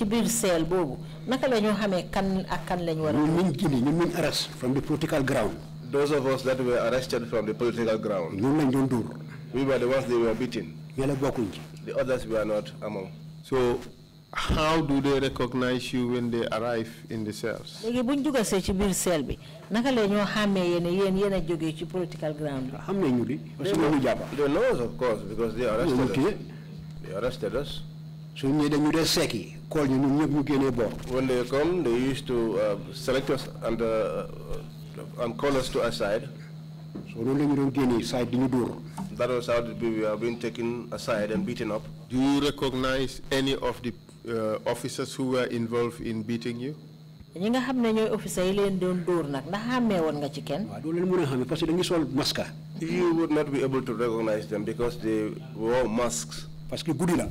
naka kan ak kan ñu arrest from the political ground. those of us that were arrested from the political ground. lañ doon we were the ones they were beating. bokkuñ ci. the others were not among. so how do they recognize you when they arrive in the cells. They bu ñu dugasee ci biir seel bi naka ci political ground bi. xam li. parce que ñu they know us of course because they arrested us. they arrested us. When they come, they used to uh, select us and, uh, uh and call us to a side. So That was how we were being taken aside and beaten up. Do you recognize any of the uh, officers who were involved in beating you? ñi nga xam ne ñooy officer yi leen doon dóor nag ndax xàmmee woon nga ci kenn. waaw doo leen mën a xàmmee parce que dañuy sol masque. you would not be able to recognize them because they wore masks. parce que guddi la.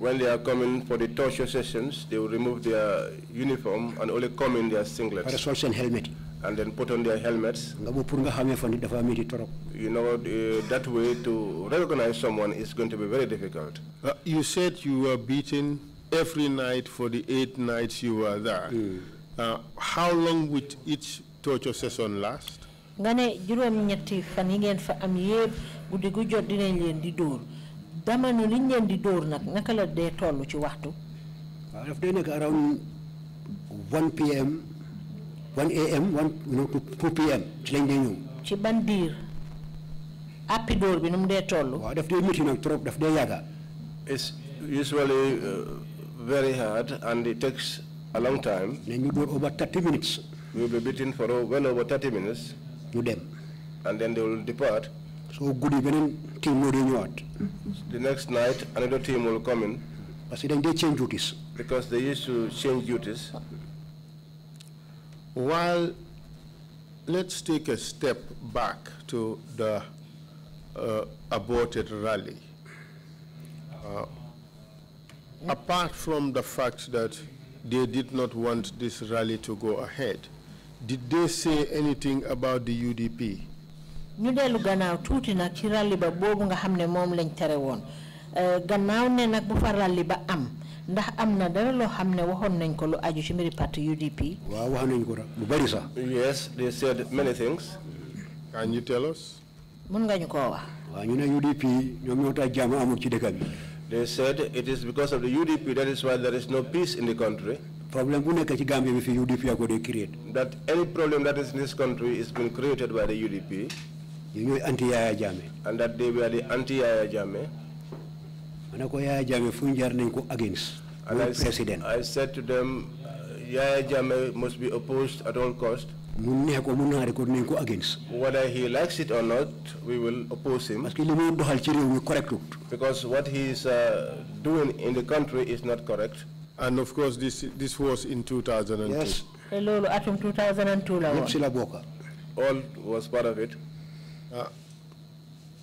when they are coming for the torture sessions, they will remove their uniform and only come in their singlets. Para sol sen helmet. And then put on their helmets. You know, uh, that way to recognize someone is going to be very difficult. Uh, you said you were beaten every night for the eight nights you were there. Mm. Uh, how long would each torture session last? fa damano liñ leen di dóor nag naka la dee toll ci waxtu. waaw daf dee nekk around 1 pm 1 am 1 you know 2 pm ci lañ dee ñëw. ci ban diir. àppi dóor bi nu mu dee toll. waaw daf dee métti nag trop daf dee yàgga. it's usually uh, very hard and it takes a long time. ne ñu dóor over 30 minutes. we will be beaten for well over 30 minutes. ñu dem. and then they will depart. So good evening, team moo the next night another team will come in. parce que dañ change duties. because they used to change duties. While let's take a step back to the uh, aborted rally. Uh, apart from the fact that they did not want this rally to go ahead, did they say anything about the UDP? ñu dellu gannaaw tuuti nag ci ràlli ba boobu nga xam ne moom lañ tere woon euh, gannaaw ne nag bu fa ràlli ba am ndax am na dara loo xam ne waxoon nañ ko lu aju ci mbiri parti UDP. waaw wax nañ ko rek lu bari sax. yes they said many things. can you tell us. mun nga ñu koo wax. waaw ñu ne UDP ñoom ñoo tax jàmm amul ci dëkk bi. they said it is because of the UDP that is why there is no peace in the country. problème bu nekk ci Gambie bi fii UDP yaa ko dee create. that any problem that is in this country is been created by the UDP ñooy anti Yaya Jammeh. and that they were the anti Yaya Jammeh. ma ne ko Yaya Jammeh fu njar nañ ko against. and I president. I said to them uh, Yaya Jammeh must be opposed at all cost. mu neex ko mu naare ko dinañ ko against. whether he likes it or not we will oppose him. parce que li doxal ci réew mi correct because what he is uh, doing in the country is not correct. And of course, this this was in 2002. Yes. 2002, All was part of it. Uh,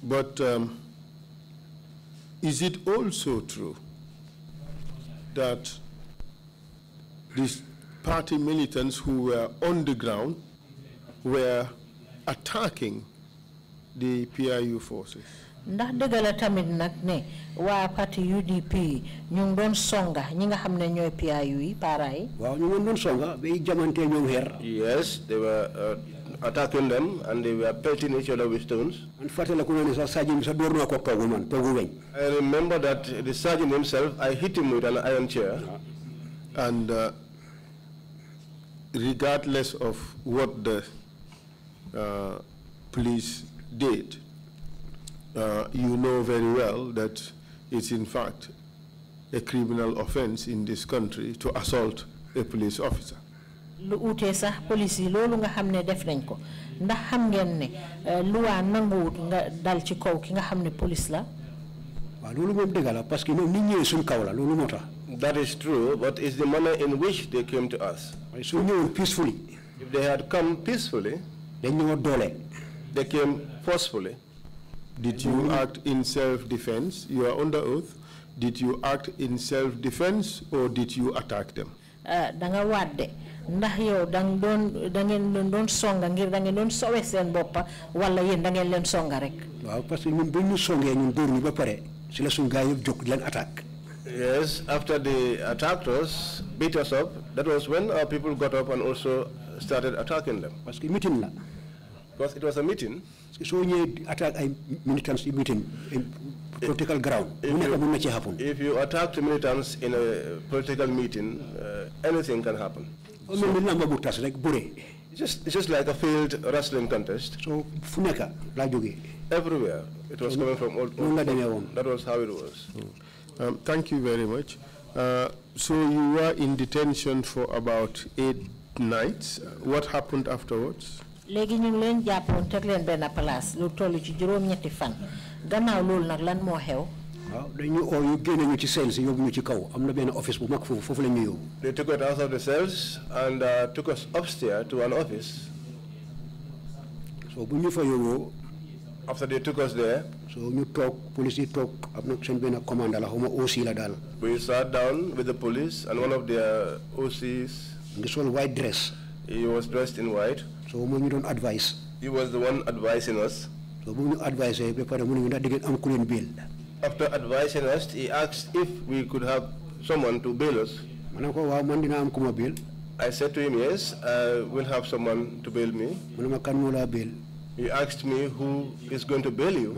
but um, is it also true that these party militants who were on the ground were attacking the PIU forces? ndax dëgg la tamit nag ne waa parti UDP ñu ngon songa ñi nga xam ne ñooy PIU yi para yi. waaw ñu ngi songa bay jamante ñoom her yes they were. Uh, attacking them and they were pelting each other with stones. I remember that the sergeant himself, I hit him with an iron chair. And uh, regardless of what the uh, police did, uh, you know very well that it's in fact a criminal offense in this country to assault a police officer lu sax police yi nga def nañ ko ndax xam ngeen ne euh, nga dal ci kaw ki nga police la. dëgg la parce que ñoom nit kaw la that is true but it's the manner in which they came to us. waaye su peacefully. if they had come peacefully. dañ ñoo doole. they came forcefully. Did you mm-hmm. act in self-defense? You are under oath. Did you act in self-defense or did you attack them? Uh, ndax yow dang doon da ngeen doon songa ngir da ngeen doon sowe seen boppa wala yéen da ngeen leen songa rek. waaw parce que ñun bu ñu songee ñun dóor ñu ba pare si la suñu gars yëpp jóg leen attaque. Yes, after they attacked us, beat us up, that was when our people got up and also started attacking them. Parce que meeting la. Because it was a meeting. So you attack a militants in meeting political ground. If you, if you attack militants in a political meeting, uh, anything can happen. Just, it's just like a failed wrestling contest. So, funeka, everywhere. It was coming from all, all That was how it was. Mm. Um, thank you very much. Uh, so you were in detention for about eight nights. What happened afterwards? Legi ñu ngi leen jàppoon teg leen benn place lu toll ci juróom-ñetti fan gannaaw loolu nag lan moo xew waaw dañ ñu oo ñu génne ñu ci seen si yóbbu ñu ci kaw am na benn office bu mag foofu foofu la ñu yóbbu. they took us out of the cells and uh, took us upstairs to an office. so bu ñu fa yóbboo. after they took us there. so ñu toog police yi toog am na seen benn commandant la xaw ma la daal. we sat down with the police and one of their OCs. ngi sol white dress. he was dressed in white. so moo ñu doon advice. he was the one advising us. so bu ñu advisé ba pare mu ne ñu ndax di ngeen am ku leen biil after advising us, he asked if we could have someone to bail us. I said to him, yes, I will have someone to bail me. He asked me who is going to bail you.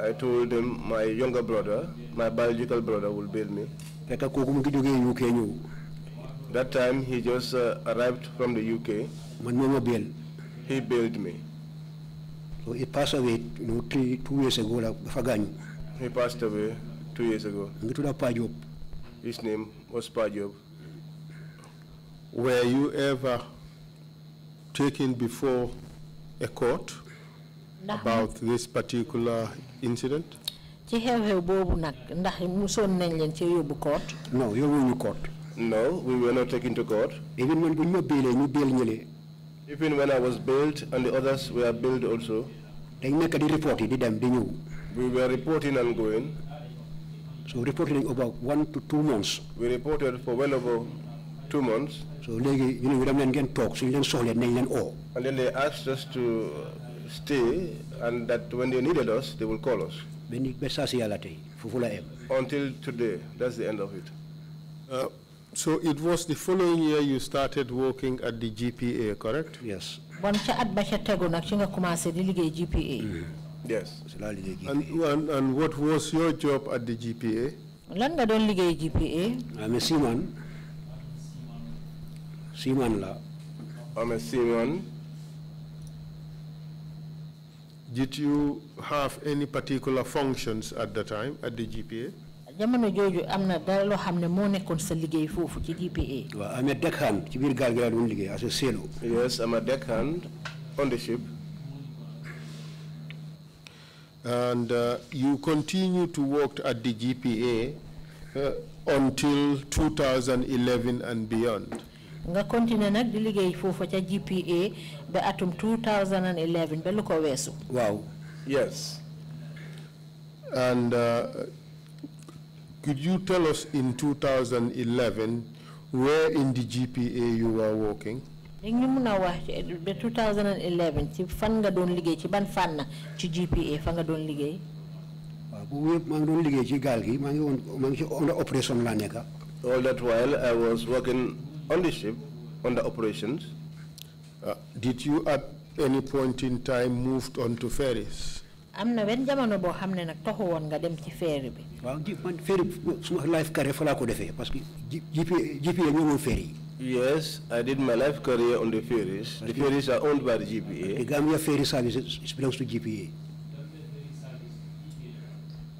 I told him my younger brother, my biological brother will bail me. That time he just uh, arrived from the UK. He bailed me. So he passed away, you know, three, two years ago, like He passed away two years ago. His name was Pajob. Were you ever taken before a court about this particular incident? No, you were boobu court. no we were not taken to court. even when bu ñu ma béelee ñu béel even when I was built and the others were built also. dañ nekk di report They did dem ñëw. We were reporting and going. So reporting about one to two months. We reported for well over two months. So léegi ñu ne ñu get talks. ngeen toog suñu leen soxlee And then they asked us to stay and that when they needed us they will call us. Until today that's the end of it. Uh, so it was the following year you started working at the GPA, correct? Yes. Bon ci at ba ca tegu nag ci nga commencé di liggéey GPA. Mm-hmm. Yes. ci laa liggéey GPA. And, and, and what was your job at the GPA? lan nga doon liggéey GPA? I'm a seaman. Seaman la. I'm a seaman. Did you have any particular functions at the time at the GPA? jamono am a dara loo xam ne moo sa liggéey foofu ci am deckhand ci biir gaal gi laa doon liggéey as a yes am a deckhand on the ship. and uh, you continue to work at the GPA uh, until 2011 and beyond. nga continuer nag di liggéey foofa GPA ba atum 2011 ba lu ko yes. and. Uh, could you tell us in 2011 where in the GPA you were working? In 2011 GPA operation all that while I was working on the ship the operations. Uh, did you at any point in time moved on to ferries am na benn jamono boo xam ne nag taxu woon nga dem ci ferry bi. waaw ji man ferry suma life career fa laa ko defee parce que ji GPA ñoo ferry yes I did my life career on the ferries. the ferries are owned by the GPA. the Gambia ferry service belongs to GPA.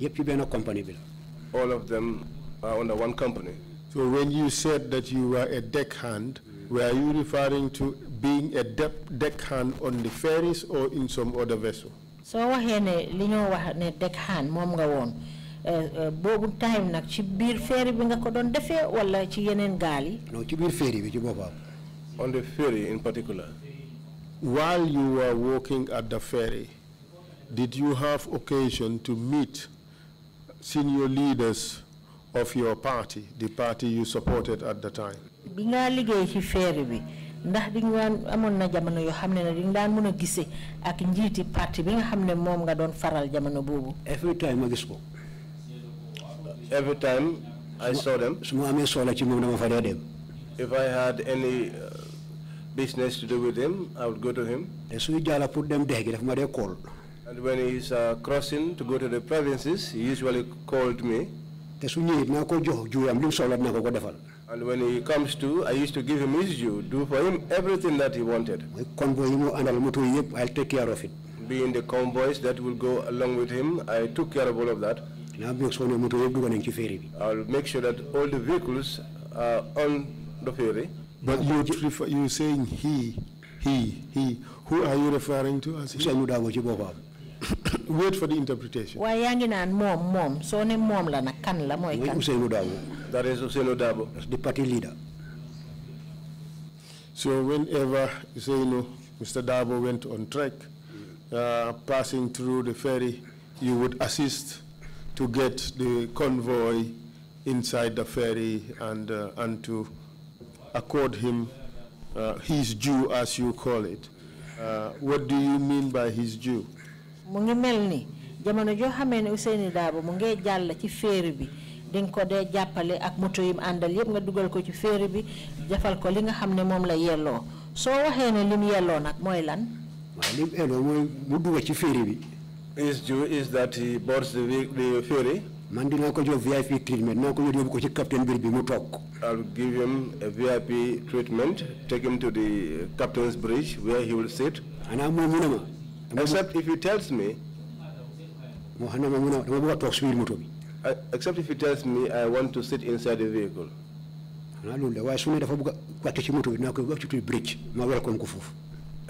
yëpp ci benn company bi la. all of them are under one company. so when you said that you were a deck hand, were you referring to being a deck deck hand on the ferries or in some other vessel. So waxee ne li wax ne Dekhan moom nga woon uh, uh, boobu time nag ci biir ferry bi nga ko doon defee wala ci yeneen gaal yi. non ci biir ferry bi ci boppam. on the ferry in particular. while you were working at the ferry did you have occasion to meet senior leaders of your party the party you supported at the time. bi nga liggéey ci ferry bi ndax di nga amoon na jamono yoo xam ne ne di nga daan mën a gisee ak njiiti parti bi nga xam ne moom nga doon faral jamono boobu. every time ma gis ko. every time I saw them. su ma amee soxla ci moom dama fa dee dem. if I had any uh, business to do with him I would go to him. te suy jaala pour dem dex gi daf ma dee call. and when he is uh, crossing to go to the provinces he usually called me. te su ñëwee naa ko jox juuyam li mu soxla dina ko ko defal. And when he comes to, I used to give him his due, do for him everything that he wanted. I'll take care of it. Being the convoys that will go along with him, I took care of all of that. I'll make sure that all the vehicles are on the ferry. But you you're saying he, he, he. Who are you referring to as he? Wait for the interpretation. Why, mom, mom. So, mom, la, kan la, moy kan. That is Oselo Dabo. The party leader. So whenever you you say, know, Mr. Dabo went on trek, uh, passing through the ferry, you would assist to get the convoy inside the ferry and, uh, and to accord him uh, his due, as you call it. Uh, what do you mean by his due? mu ni jamono joo Dabo mu ngee jàll ci di ko jàppale ak moto àndal yëpp nga ko ci bi ko li nga la ne lim lan. lim mu ci bi. is is that he boards the the ferry. man dinaa ko jox VIP treatment naa ko ko ci captain bi mu I'll give him a VIP treatment take him to the captain's bridge where he will sit. xanaa moom mu ne ma. except if he tells me. moo xam ne dama bëgg moto bi. Uh, except if he tells me I want to sit inside the vehicle.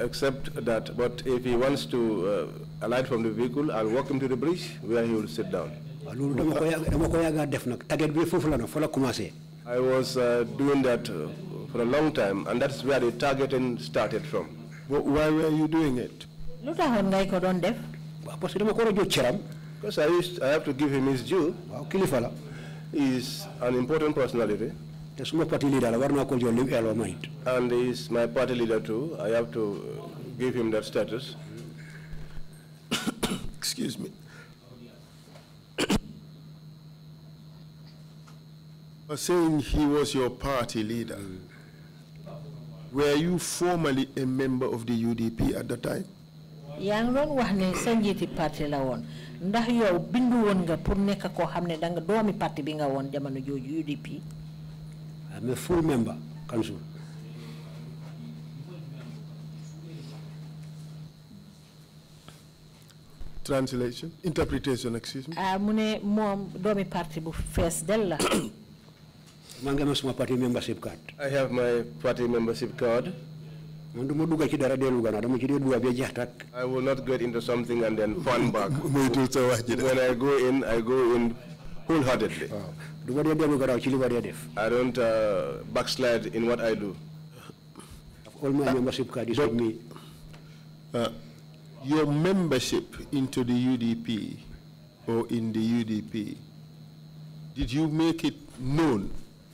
Except that, but if he wants to uh, alight from the vehicle, I'll walk him to the bridge where he will sit down. I was uh, doing that uh, for a long time, and that's where the targeting started from. Why were you doing it? I was doing it. Because I, I have to give him his due. Kilifala. He's an important personality. party leader. call And he's my party leader too. I have to uh, give him that status. Excuse me. saying he was your party leader. Were you formally a member of the UDP at the time? yang Ron wax ne sa njiiti ndax yow bindu woon nga pour nekk doomi parti bi nga jamono UDP. am full member council. translation interpretation excuse me. ah mune ne doomi parti bu fees del la. maa parti membership card. I have my party membership card. I will not get into something and then fall back. when I go in, I go in wholeheartedly. Ah. I don't uh, backslide in what I do. All my membership card is with me. Uh, your membership into the UDP or in the UDP, did you make it known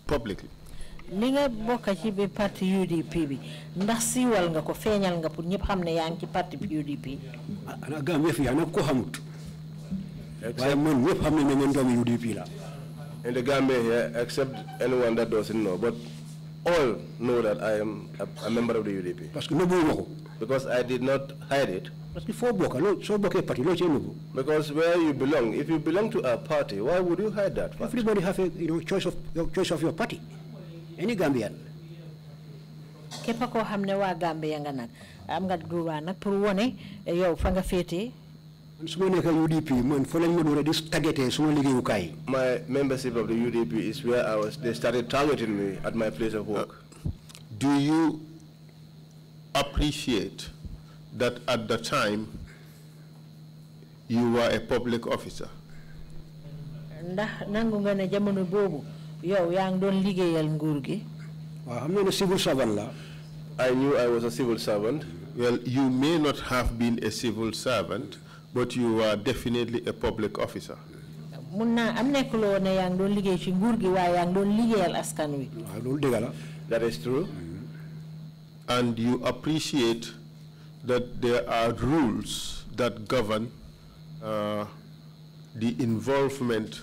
publicly? li nga bokk ci UDP bi ndax siiwal nga ko feeñal nga pour ñëpp xam ne yaa UDP. ah ana Gambie fii ana ko xamut. waaye man ñëpp xam nañ ne man UDP la. in the Gambia here, except anyone that doesn't know, but all know that I am a, a member of the UDP. Because I did not hide it. Because where you belong, if you belong to a party, why would you hide that? Party? Everybody have a you know, choice of choice of your party any Gambian. képp am nga droit eh, UDP man my membership of the UDP is where I was they started targeting me at my place of work. Uh, do you appreciate that at the time you were a public officer. ndax nangu nga ne jamono yow yaa ngi doon liggéeyal nguur gi. waaw xam nga civil servant la. I knew I was a civil servant. Well, you may not have been a civil servant, but you are definitely a public officer. mun naa am nekk loo ne yaa ngi doon liggéey ci nguur gi waaye yaa ngi doon liggéeyal askan wi. waaw loolu dëgg la. That is true. And you appreciate that there are rules that govern uh, the involvement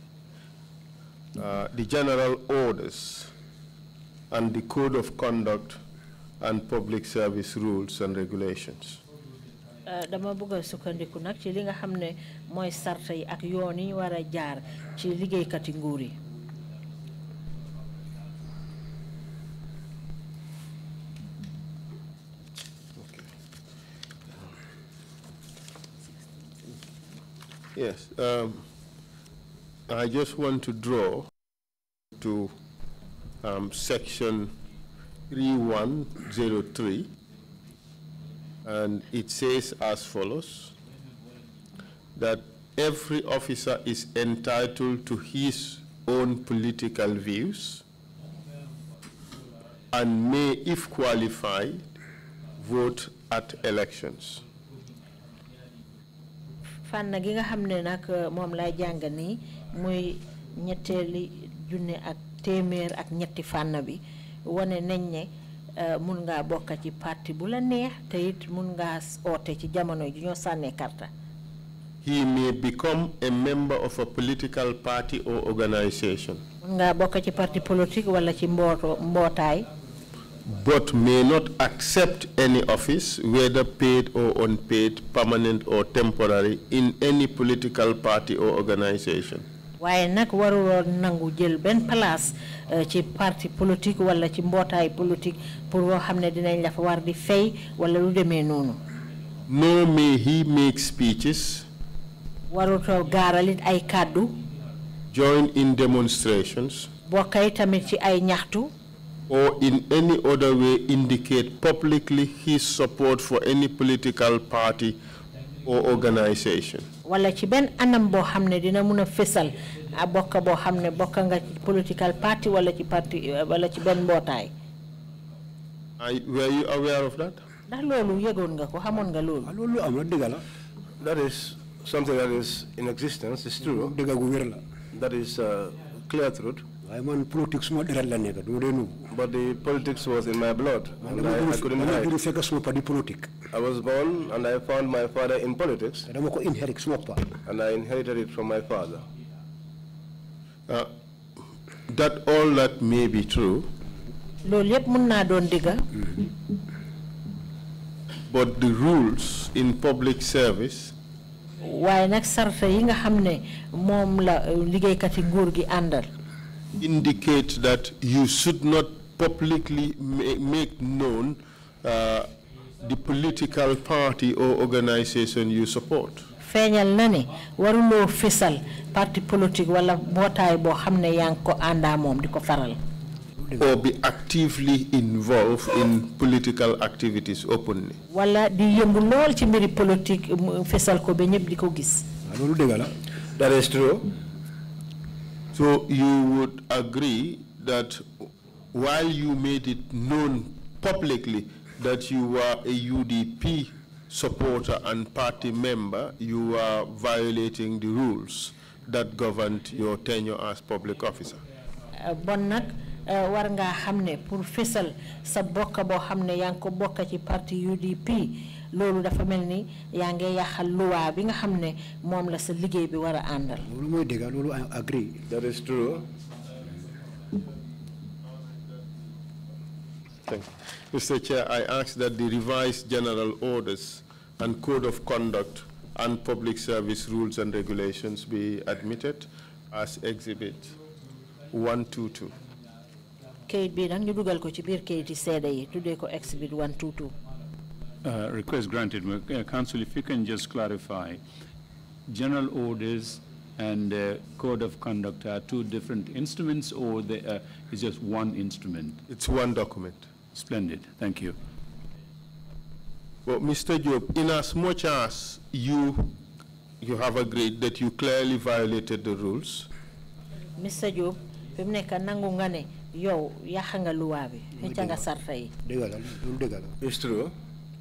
Uh, the general orders and the code of conduct and public service rules and regulations. Uh, dama ak Yes. Um, I just want to draw to um, section 3103, and it says as follows, that every officer is entitled to his own political views and may, if qualified, vote at elections. nga lay jàng muy junne ak ak ñetti fànn bi nañ ne euh, bokk ci parti bu la neex ci jamono ji ñoo he may become a member of a political party or organization. nga bokk ci parti politique wala ci but may not accept any office whether paid or unpaid permanent or temporary in any political party or organization waaye nangu jël place eh, ci parti politique wala ci politique pour dinañ la fa war di fay wala lu nor may he make speeches. warutoo gaaralit ay kàddu. join in demonstrations. bokkay tamit ci ay ñaxtu. or in any other way indicate publicly his support for any political party or organization wala ci anam dina ah, nga political party wala ci parti eh, wala ci were you aware of that. yëgoon nga ko xamoon nga ah, am that is something that is in existence. it's true. la. that is uh, clear truth. But the politics was in my blood. And I, I couldn't I was born and I found my father in politics. And I inherited it from my father. Uh, that all that may be true. But the rules in public service Why next sarfe Inga hamne xam ne moom la liggéeykat yi nguur gi indicate that you should not publicly ma make known uh, the political party or organization you support. feeñal na ne waruloo fésal parti politique wala mbootaay boo hamne ne yaa ngi ko faral. or be actively involved in political activities openly. wala di yëngu lool ci mbiri politique fésal ko ba ñëpp di gis. Ah, that is true. So you would agree that while you made it known publicly that you were a UDP supporter and party member, you are violating the rules that governed your tenure as public officer. Uh, bon uh, war ngaa xam pour fésal sa bokk boo ko ci parti UDP dafa bi nga la sa bi àndal. agree. that is true. Thank you. Mr. Chair, I ask that the revised general orders and code of conduct and public service rules and regulations be admitted as exhibit 122. kayit bi nag ñu dugal ko ci biir kayiti seede yi tuddee ko exhibit 122. Uh, request granted. Uh, Council, if you can just clarify, general orders and uh, code of conduct are two different instruments or they, uh, is just one instrument? It's one document. Splendid. Thank you. Well, Mr. Job, in as much as you, you have agreed that you clearly violated the rules. Mr. Job, ne It's true.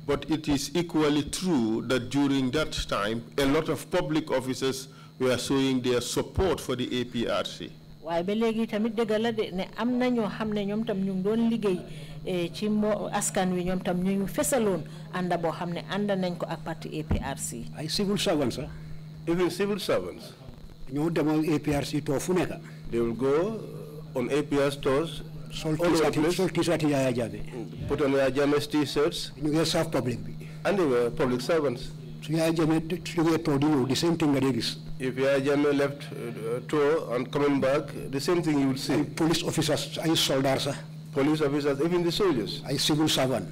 But it is equally true that during that time, a lot of public officers were showing their support for the APRC. waaye ba léegi tamit dëgg la de ne am na ñoo xam ne ñoom tam ñu ngi doon liggéey ci moo askan wi ñoom tam ñu ngi fesaloon ànda boo xam ne ànd nañ ko ak parti APRC. ay civil servants ah. even civil servants. ñoo demal APRC too fu nekk. they will go uh, on APRC tours soltis ati soltis ati Yaya Jammeh put on Yaya Jammeh's t-shirts You ngi serve public and they were public servants So Yaya Jammeh su ngee toog the same thing nga dee if Yaya Jammeh left uh, tour and coming back the same thing you would see police officers ay soldats sax police officers even the soldiers I civil servant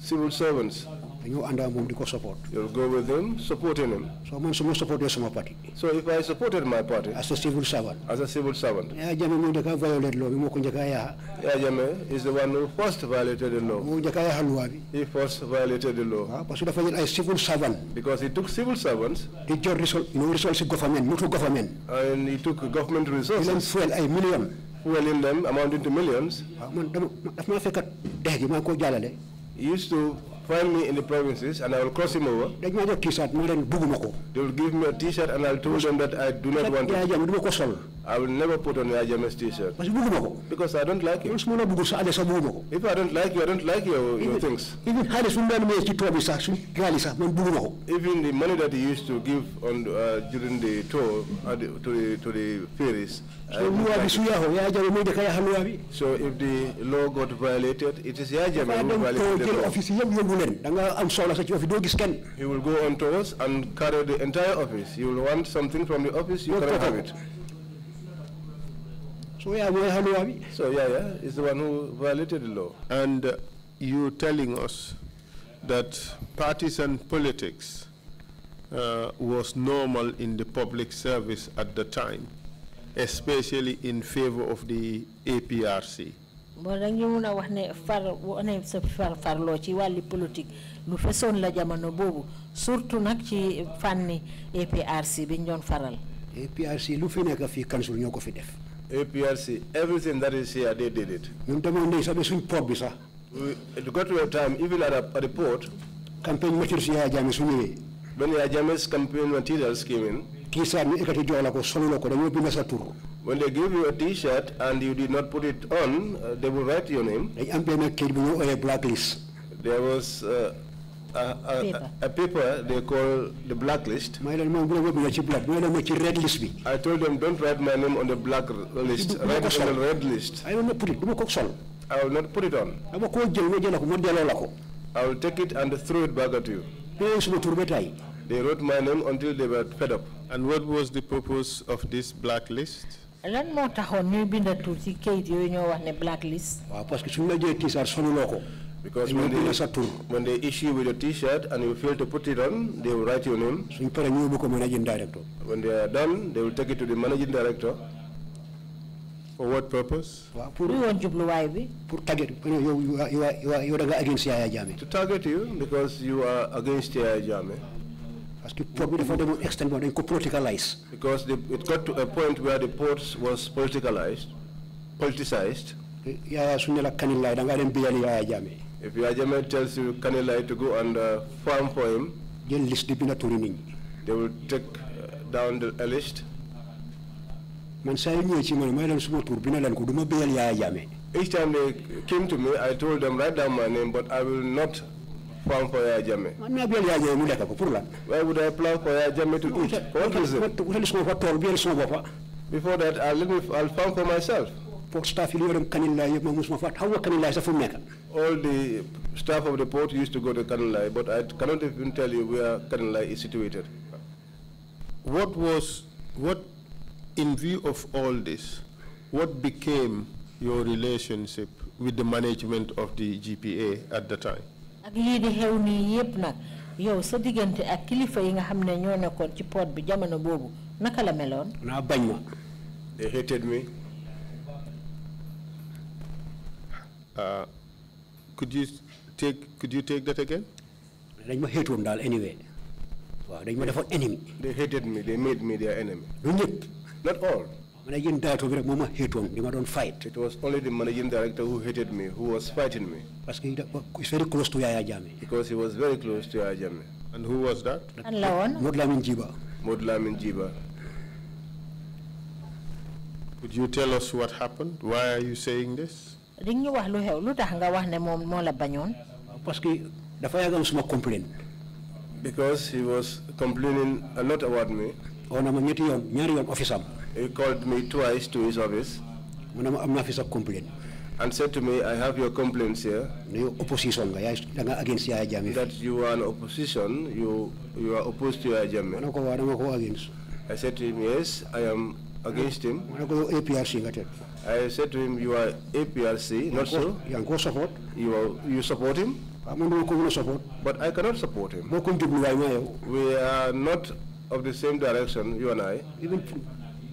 civil servants you under ak moom support. you go with him supporting him. so I su ma supporté sama parti. so if I supported my party. as a civil servant. as a civil servant. Yaya Jammeh moo njëkk violated violate law You moo ko njëkk a yaa. Yaya Jammeh is the one who first violated the law. moo njëkk a yaa he first violated the law. waaw parce que dafa jël ay civil servant. because he took civil servants. di jot resol no resol si government not government. and he took government resources. He spent fuel ay million. fueling them amounting to millions. waaw man dama dafa maa fekk dex gi maa ngi ko jàllale. he used to find me in the provinces and I will cross him over. They will give me a t-shirt and I'll tell them that I do not want it. I will never put on Yajame's t-shirt. Because I don't like you. If I don't like you, I don't like your, your things. Even the money that he used to give on uh, during the tour uh, to, the, to the ferries, so if the law got violated, it is Yajame who violated the law. He will go on to us and carry the entire office. You will want something from the office, you cannot have it. So yeah, yeah, is the one who violated the law. And uh, you're telling us that partisan politics uh, was normal in the public service at the time especially in favor of the APRC. APRC APRC everything that is here they did it. we got to a time even at a report. when campaign materials came in. T-shirt ikati jola ko solo ko dañu binda sa tour. When they give you a T-shirt and you did not put it on, uh, they will write your name. Dañ am ben kayit bu ñu oyé blacklist. There was uh, a, a, paper. a, a paper they call the blacklist. I told them don't write my name on the black uh, list, write on the red list. I will not put it. I will not put it on. I will take it and throw it back at you. They wrote my name until they were fed up. And what was the purpose of this blacklist? because when they, when they issue with a T-shirt and you fail to put it on, they will write your name. Suñu paree ñu managing director. When they are done, they will take it to the managing director. For what purpose? To target you because you are against Yaya Jame parce que because the it got to a point where the ports was politicalized politicized. la if you Jammeh tells you Kanilaay to go and uh, farm for him. jël liste di bind turi they will take uh, down the, a list. man each time they came to me I told them write down my name but I will not plan for your jamme. Why would I plan for your jamme to no, eat? For what reason? Before that, I'll, let me, I'll farm for myself. All the staff of the port used to go to Kanilai, but I cannot even tell you where Kanilai is situated. What was, what, in view of all this, what became your relationship with the management of the GPA at the time? yow sa ak kilifa yi nga ñoo ci port bi jamono naka la meloon. bañ ma. they hated me. Uh, could you take could you take that again. dañ ma anyway. waaw dañ ma they hated me they made me their enemy. ñëpp. not all. Managing director bi rek moo ma hate di ma fight. It was only the managing director who hated me, who was fighting me. Because very close to Yaya Jami. because he was very close to Yaya Jami. and who was that? And la woon. Jiba. Modlamin Jiba. Could you tell us what happened? Why are you saying this? di ñu wax lu xew lu ne moom moo la banyon. parce que dafa yàgg complain. because he was complaining a lot about me. on na ma ñetti yoon ñaari office he called me twice to his office. I'm not a complaint. And said to me, I have your complaints here. opposition against That you are an opposition, you you are opposed to Yajame. against. I said to him, Yes, I am against him. I said to him, You are APRC, not so? You are, you support him? Ah, but I cannot support him. We are not of the same direction, you and I. Even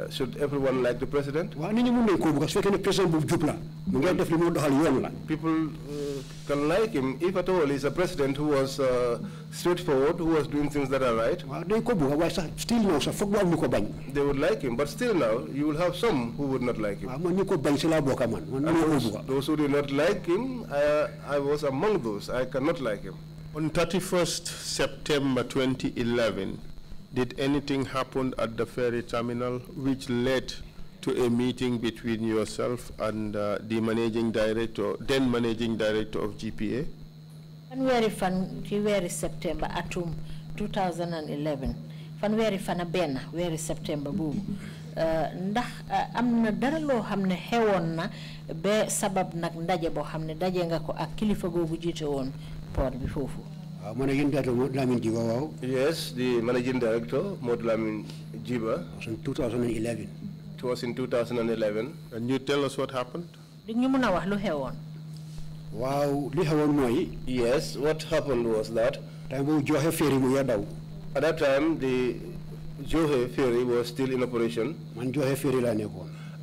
Uh, should everyone like the president? People uh, can like him if at all he's a president who was uh, straightforward, who was doing things that are right. They would like him, but still now you will have some who would not like him. Those, those who do not like him, I, uh, I was among those. I cannot like him. On 31st September 2011, did anything happen at the ferry terminal which led to a meeting between yourself and uh, the managing director, then managing director of GPA? Fanweri January September atum 2011 fanweri fan ben weri September boobu uh, ndax uh, am dara loo xam ne na ba sabab nag ndaje boo xam daje nga ko ak kilifa googu jiite woon port bi foofu uh, managing Director Modlamin Jiba wow. Yes, the Managing Director Modlamin Jiba. It Was in 2011. It was in 2011. And you tell us what happened? Wow, li hawon moy. Yes, what happened was that time bu joxe ferry mu At that time the Johe ferry was still in operation. Man Johe ferry la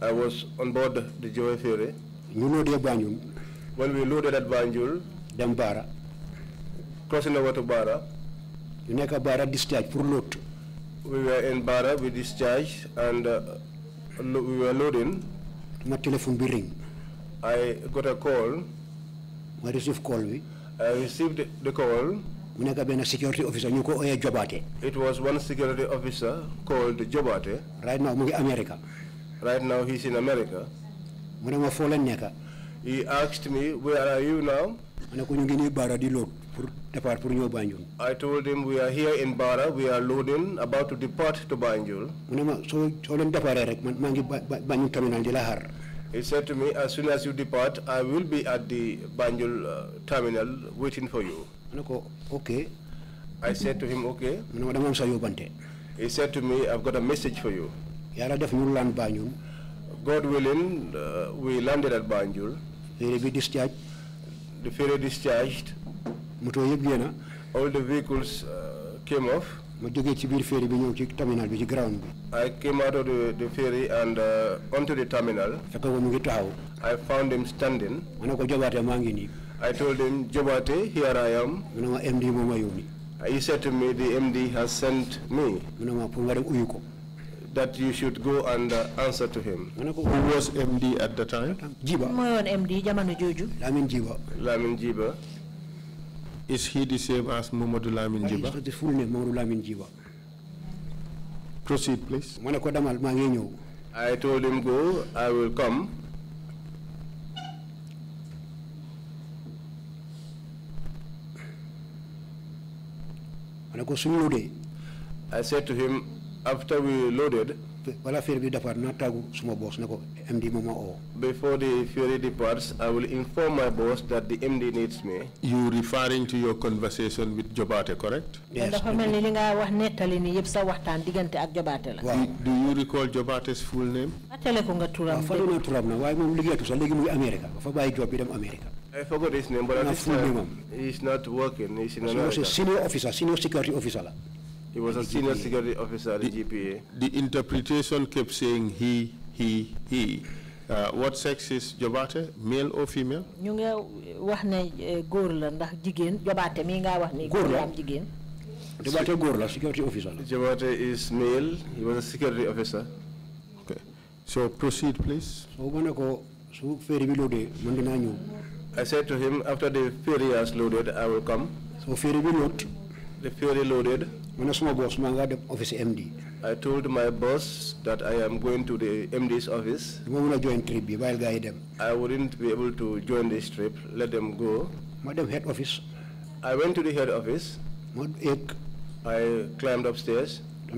I was on board the Johe ferry. Ñu lodé Banjul. When we loaded at Banjul, Dambara crossing over to Barra, You make a Barra discharge for load. We were in Barra, we discharged and uh, we were loading. My telephone be ring. I got a call. I received call. We. I received the call. mu nekk benn security officer ñu ko ooyee Jobate. it was one security officer called Jobate. right now mu America. right now he's in America. mu ne ma foo leen he asked me where are you now. ma ne ko ñu ngi pour pour ñëw Banjul. I told him we are here in Bara we are loading about to depart to Banjul. mu ne ma soo soo leen déparé rek man maa ngi Banjul terminal di la He said to me as soon as you depart I will be at the Banjul uh, terminal waiting for you. ne ko ok. I said to him okay. mu ne ma dama am sa yóbbante. He said to me I've got a message for you. yàlla def ñu laan Banjul. God willing uh, we landed at Banjul. will bi discharged. The ferry discharged moto all the vehicles uh, came off. ma jógee ci biir ferry bi ñëw ci terminal bi ci ground bi. I came out of the, the ferry and uh, onto the terminal. fekk ko mu ngi I found him standing. ko ngi I told him Jobaate here I am. ma MD He said to me the MD has sent me. ma pour uyu ko. that you should go and uh, answer to him. Who was MD at the time? Jiba. Moyon MD, Jamanu Joju. Lamin Jiba. Lamin Jiba. Is he the same as Mamadou Lamine Jiba? That is the full name, Mamadou Lamine Jiba. Proceed, please. I told him, go, I will come. I said to him, after we loaded, before the fury departs I will inform my boss that the MD needs me. you referring to your conversation with Jobaate correct. yes dafa do you recall Jobaate's full name. I ko I forgot his name but at this time he's not working he's in America. senior officer senior security officer he was a senior security officer at the, the, GPA. The interpretation kept saying he, he, he. Uh, what sex is Jobate, male or female? ñu eh, nga wax ne góor Jobate Jobate security officer la. Jobate is male. He was a security officer. Okay. So proceed please. su ferry I said to him after the ferry has loaded I will come. So ferry bi load the fury loaded. mu ne my boss maa ngaa office MD. I told my boss that I am going to the MD's office. du ma join trip bi bàyyil gaa yi I wouldn't be able to join this trip let them go. Madam head office. I went to the head office. I climbed upstairs. I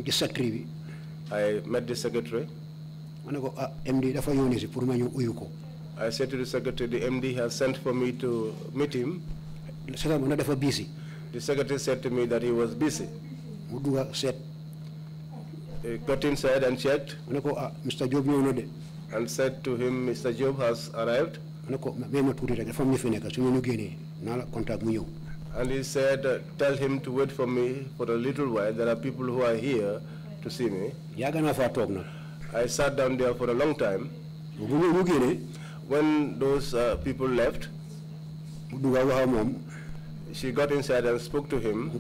met the secretary. Ah, I said to the secretary the MD has sent for me to meet him. seetal ma ne dafa busy. The secretary said to me that he was busy. do dugg seet. He got inside and checked. ah Mr Diop ñëw and said to him Mr Job has arrived. contact and he said uh, tell him to wait for me for a little while there are people who are here to see me. I sat down there for a long time. when those uh, people left. She got inside and spoke to him.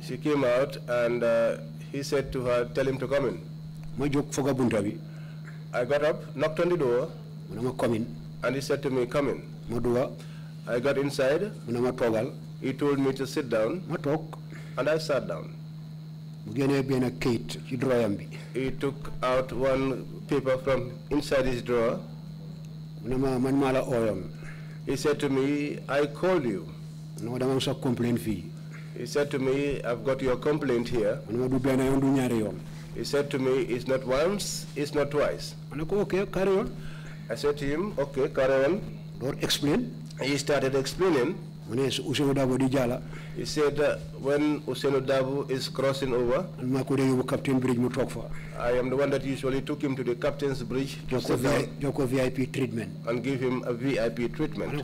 She came out and uh, he said to her, tell him to come in. I got up, knocked on the door. in. And he said to me, come in. I got inside. He told me to sit down. And I sat down. He took out one paper from inside his drawer. He said to me, I call you. He said to me, I've got your complaint here. He said to me, it's not once, it's not twice. Okay, carry on. I said to him, okay, carry on. Lord, explain. He started explaining. He said uh, when Usenu Dabu is crossing over, Captain Bridge I am the one that usually took him to the Captain's Bridge Joko to VIP treatment and give him a VIP treatment.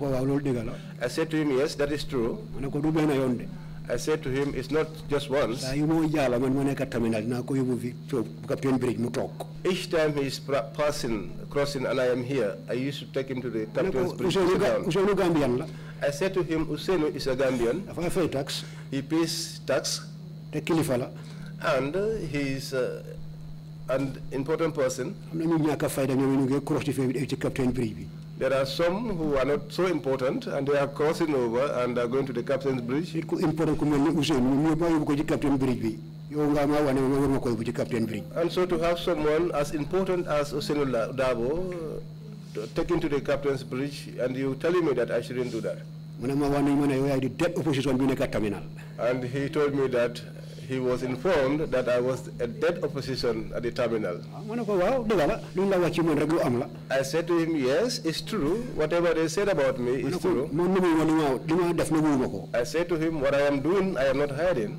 I said to him, yes, that is true. I said to him, it's not just once. Each time he is passing, crossing, and I am here, I used to take him to the captain's bridge. I said to him, Usenu is a Gambian. He pays tax. And uh, he is uh, an important person. There are some who are not so important and they are crossing over and are going to the Captain's Bridge. And so to have someone as important as Osenu Dabo take taken to the Captain's Bridge and you telling me that I shouldn't do that. And he told me that he was informed that I was at dead opposition at the terminal. I said to him, yes, it's true. Whatever they said about me is true. I said to him, what I am doing, I am not hiding.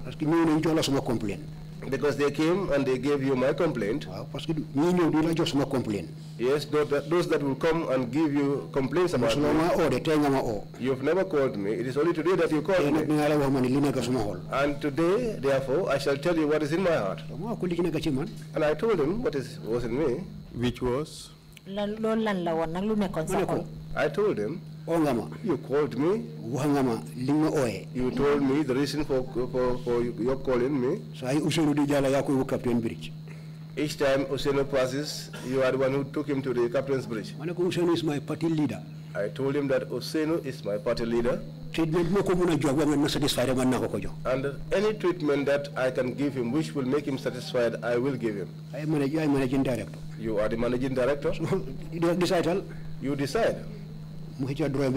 Because they came and they gave you my complaint. complaint. Yes, those that, will come and give you complaints about me. You've never called me. It is only today that you called me. And today, therefore, I shall tell you what is in my heart. And I told him what is was in me. Which was? I told him. You called me? Wangama, Oe. You told me the reason for, for, for your calling me? So I Usenu Dijala Yaku Ibu Captain Bridge. Each time Usenu passes, you are the one who took him to the Captain's Bridge. Manako Usenu is my party leader. I told him that Usenu is my party leader. Treatment satisfied And any treatment that I can give him, which will make him satisfied, I will give him. I am managing director. You are the managing director? You decide tell. You decide. He pulled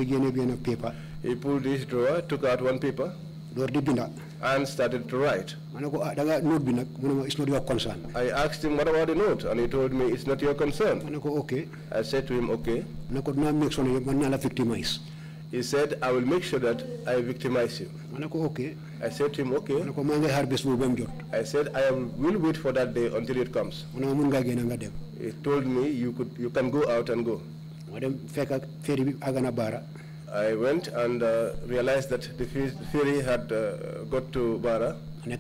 his drawer, took out one paper, and started to write. Ah, ah, it's not your concern. I asked him, what about the note? And he told me, it's not your concern. Okay. I said to him, okay. He said, I will make sure that I victimize you. Okay. I said to him, okay. I said, I will wait for that day until it comes. He told me, you, could, you can go out and go. I went and uh, realized that the ferry had uh, got to Bara. I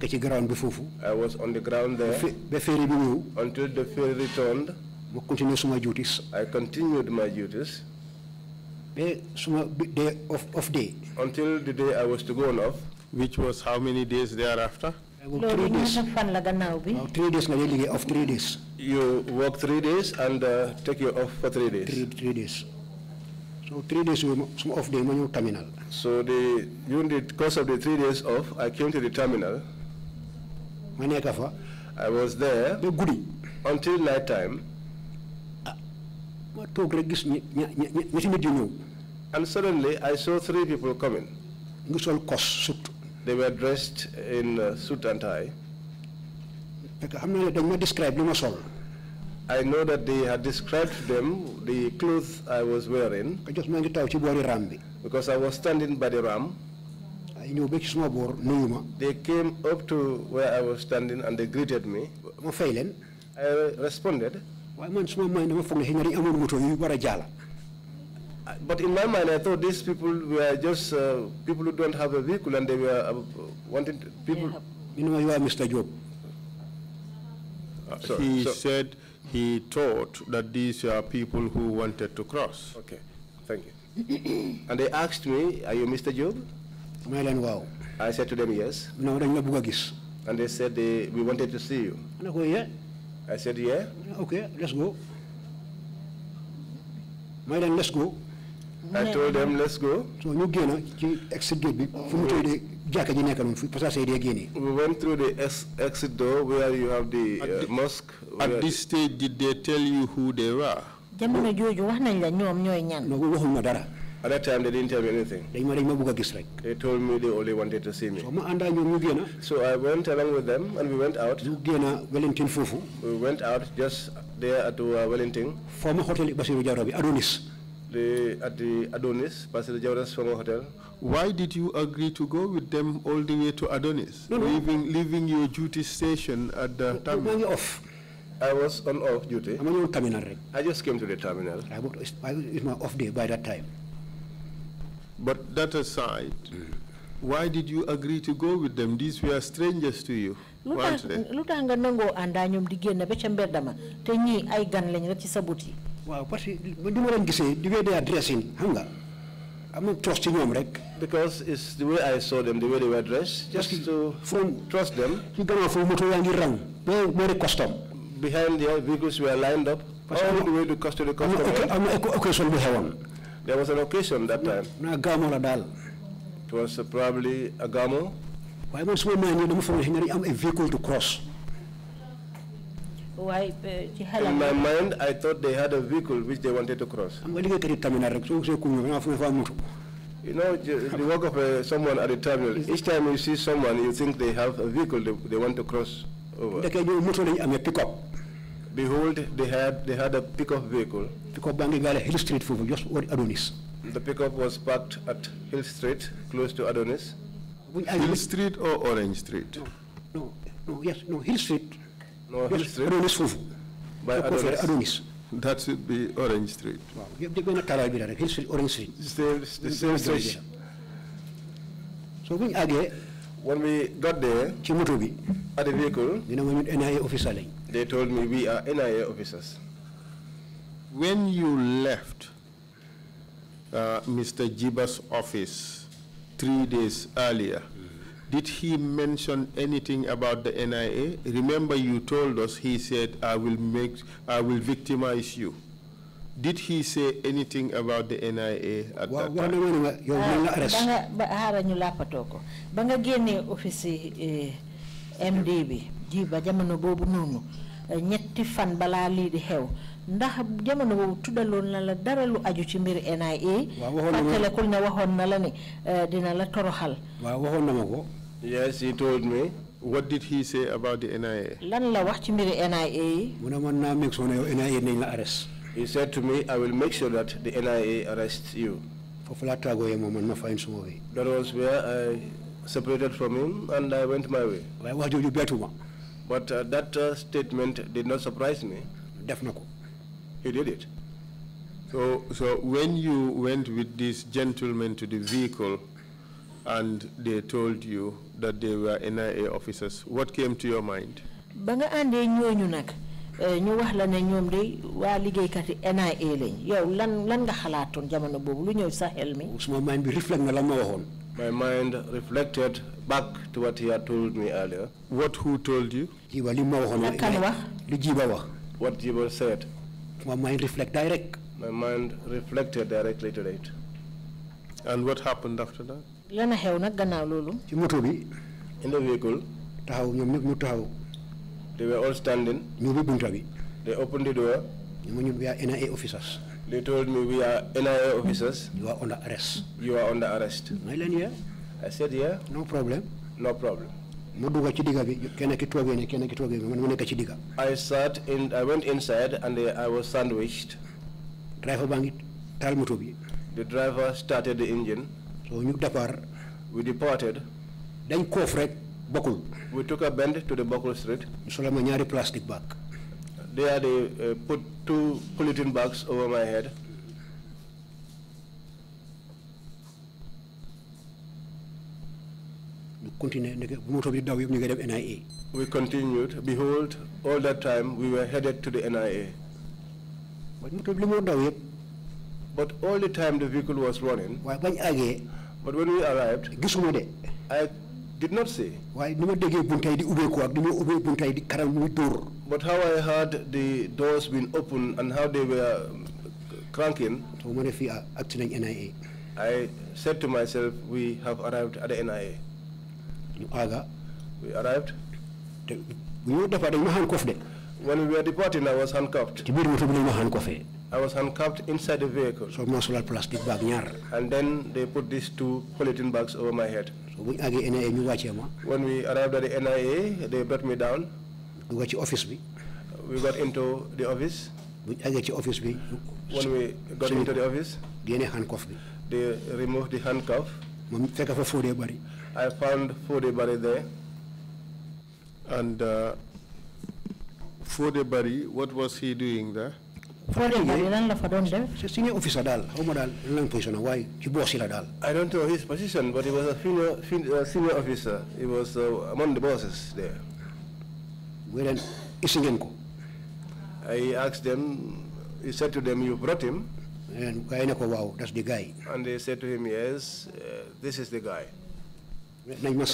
was on the ground there until the ferry returned. I continued my duties until the day I was to go on off. Which was how many days thereafter? three days nga off three days. you work three days and uh, take you off for three days. Three, three days. So three days some off the you terminal. So the during the course of the three days off, I came to the terminal. I was there until night time. And suddenly I saw three people coming. This all they were dressed in uh, suit and tie. I know that they had described them, the clothes I was wearing, because I was standing by the ram. They came up to where I was standing and they greeted me. I responded but in my mind, I thought these people were just uh, people who don't have a vehicle and they were uh, wanting people. You know, you are Mr. Job. Uh, he so said he thought that these are people who wanted to cross. Okay, thank you. and they asked me, Are you Mr. Job? Wow. I said to them, Yes. And they said, they, We wanted to see you. Yeah. I said, Yeah. Okay, let's go. My then, let's go. I told them, let's go. So you gain exit gate We went through the ex exit door where you have the, uh, mosque. At this stage, did they tell you who they were? No. At that time, they didn't tell me anything. They told me they only wanted to see me. So I went along with them and we went out. We went out just there at uh, Wellington. Former hotel Basiru Jarabi, Adonis the at the Adonis, Pastor Jordan's Fama Hotel. Why did you agree to go with them all the way to Adonis, no, no. leaving leaving your duty station at the no, terminal? No, off. I was on off duty. I'm on terminal. Right? I just came to the terminal. I was it's, my off day by that time. But that aside, mm. why did you agree to go with them? These were strangers to you. Luta, luta nga nango anda digi na becha mbedama. Tengi ay gan lenye ci sabuti waaw parce que li ma leen gisee di way they are dressing xam i am not trusting them, ñoom because it's the way I saw them the way they were dressed. just to from trust them. You gannaaw foofu moto yaa ngi rang. boo boori custom. behind the vehicles were lined up. all the way to custom i custom. am na occasion bu xewoon. there was an occasion that time. naa gaamo la it was probably Agamo. Why waaye man su ma maa ñëw dama foog am a vehicle to cross. Uh, in my mind, I thought they had a vehicle which they wanted to cross. You know, the work of uh, someone at the terminal, each time you see someone, you think they have a vehicle they, they want to cross over. Behold, they had, they had a pickup vehicle. Hill Street for just Adonis. The pickup was parked at Hill Street, close to Adonis. Hill Street or Orange Street? No, no, no yes, no, Hill Street. No, his Adonis by Adonis. Adonis. That should be Orange Street. Orange Street. the same so when I get, when we got there. at the vehicle. you know, NIA officer they told me we are NIA officers. when you left uh, Mr. Jiba's office three days earlier. Did he mention anything about the NIA? Remember you told us he said, I will, make, I will victimize you. Did he say anything about the NIA at that time? Yow ah, Hara ñu lapato ko. Ba nga génné office eh, MD bi ji ba jamono bobu nonu eh, ñetti fan bala di xew ndax jamono boobu tuddaloon na la dara NIA. waaw waxoon na ma fàttalikul ne waxoon na la ni eh, dina la Yes, he told me. What did he say about the NIA? Lan la wax ci NIA? Mu na man na make sure NIA nañ la arrest. He said to me, I will make sure that the NIA arrests you. For laa tago moom man ma find suma way. That was where I separated from him and I went my way. Waaye wax jooju beetuma. But uh, that uh, statement did not surprise me. Def He did it. So, so when you went with this gentleman to the vehicle and they told you that they were NIA officers. What came to your mind? Banga ande àndee ñooñu nag eh, ñu wax la ne ñoom de waa liggéeykat yi NIA lañ yow lan lan nga xalaatoon jamono boobu lu ñëw sa xel mi. suma mind bi reflect na lan ma waxoon. My mind reflected back to what he had told me earlier. What who told you? Jiba li ma waxoon. la kan wax. lu Jiba wax. What Jiba said. My mind reflect direct. My mind reflected directly to it. And what happened after that? lan xew gannaaw loolu. ci moto bi. in the vehicle. taxaw ñoom ñëpp ñu taxaw. they were all standing. ñu ubbi bunta bi. they opened the door. ñu ma ñun we are NIA officers. they told me we are NIA officers. you are under arrest. you are under arrest. may leen yeah. I said yeah. no problem. no problem. ma dugg ci digga bi kenn ki kenn ki man nekk ci I sat in I went inside and I was sandwiched. driver bangit. moto bi. the driver started the engine so we departed. Then Kofrek, rek we took a bend to the Bokul Street. ñu solal plastic bag. there they uh, put two polythene bags over my head. We continued. Behold, all that time we were headed to the NIA. But all the time the vehicle was running. But when we arrived, I did not see. But how I heard the doors being opened and how they were uh, cranking, ah, I said to myself, we have arrived at the NIA. We arrived. When we were departing, I was handcuffed. I was handcuffed inside the vehicle. So ma sulal plastic bag ñaar. And then they put these two polythene bags over my head. So buñ agé NIA ñu wacce ma. When we arrived at the NIA, they brought me down. To ci office bi. We got into the office. Buñ agé ci office bi. When we got into the office, génné handcuff bi. They removed the handcuff. Mom fekk fa fodé bari. I found fodé bari there. And uh, Fodebari, what was he doing there? Eh? i don't know his position but he was a senior, uh, senior officer he was uh, among the bosses there weɗen isingen ko i asked them he said to them you brought him and kayne ko wow that's the guy and they said to him yes uh, this is the guy nañ ma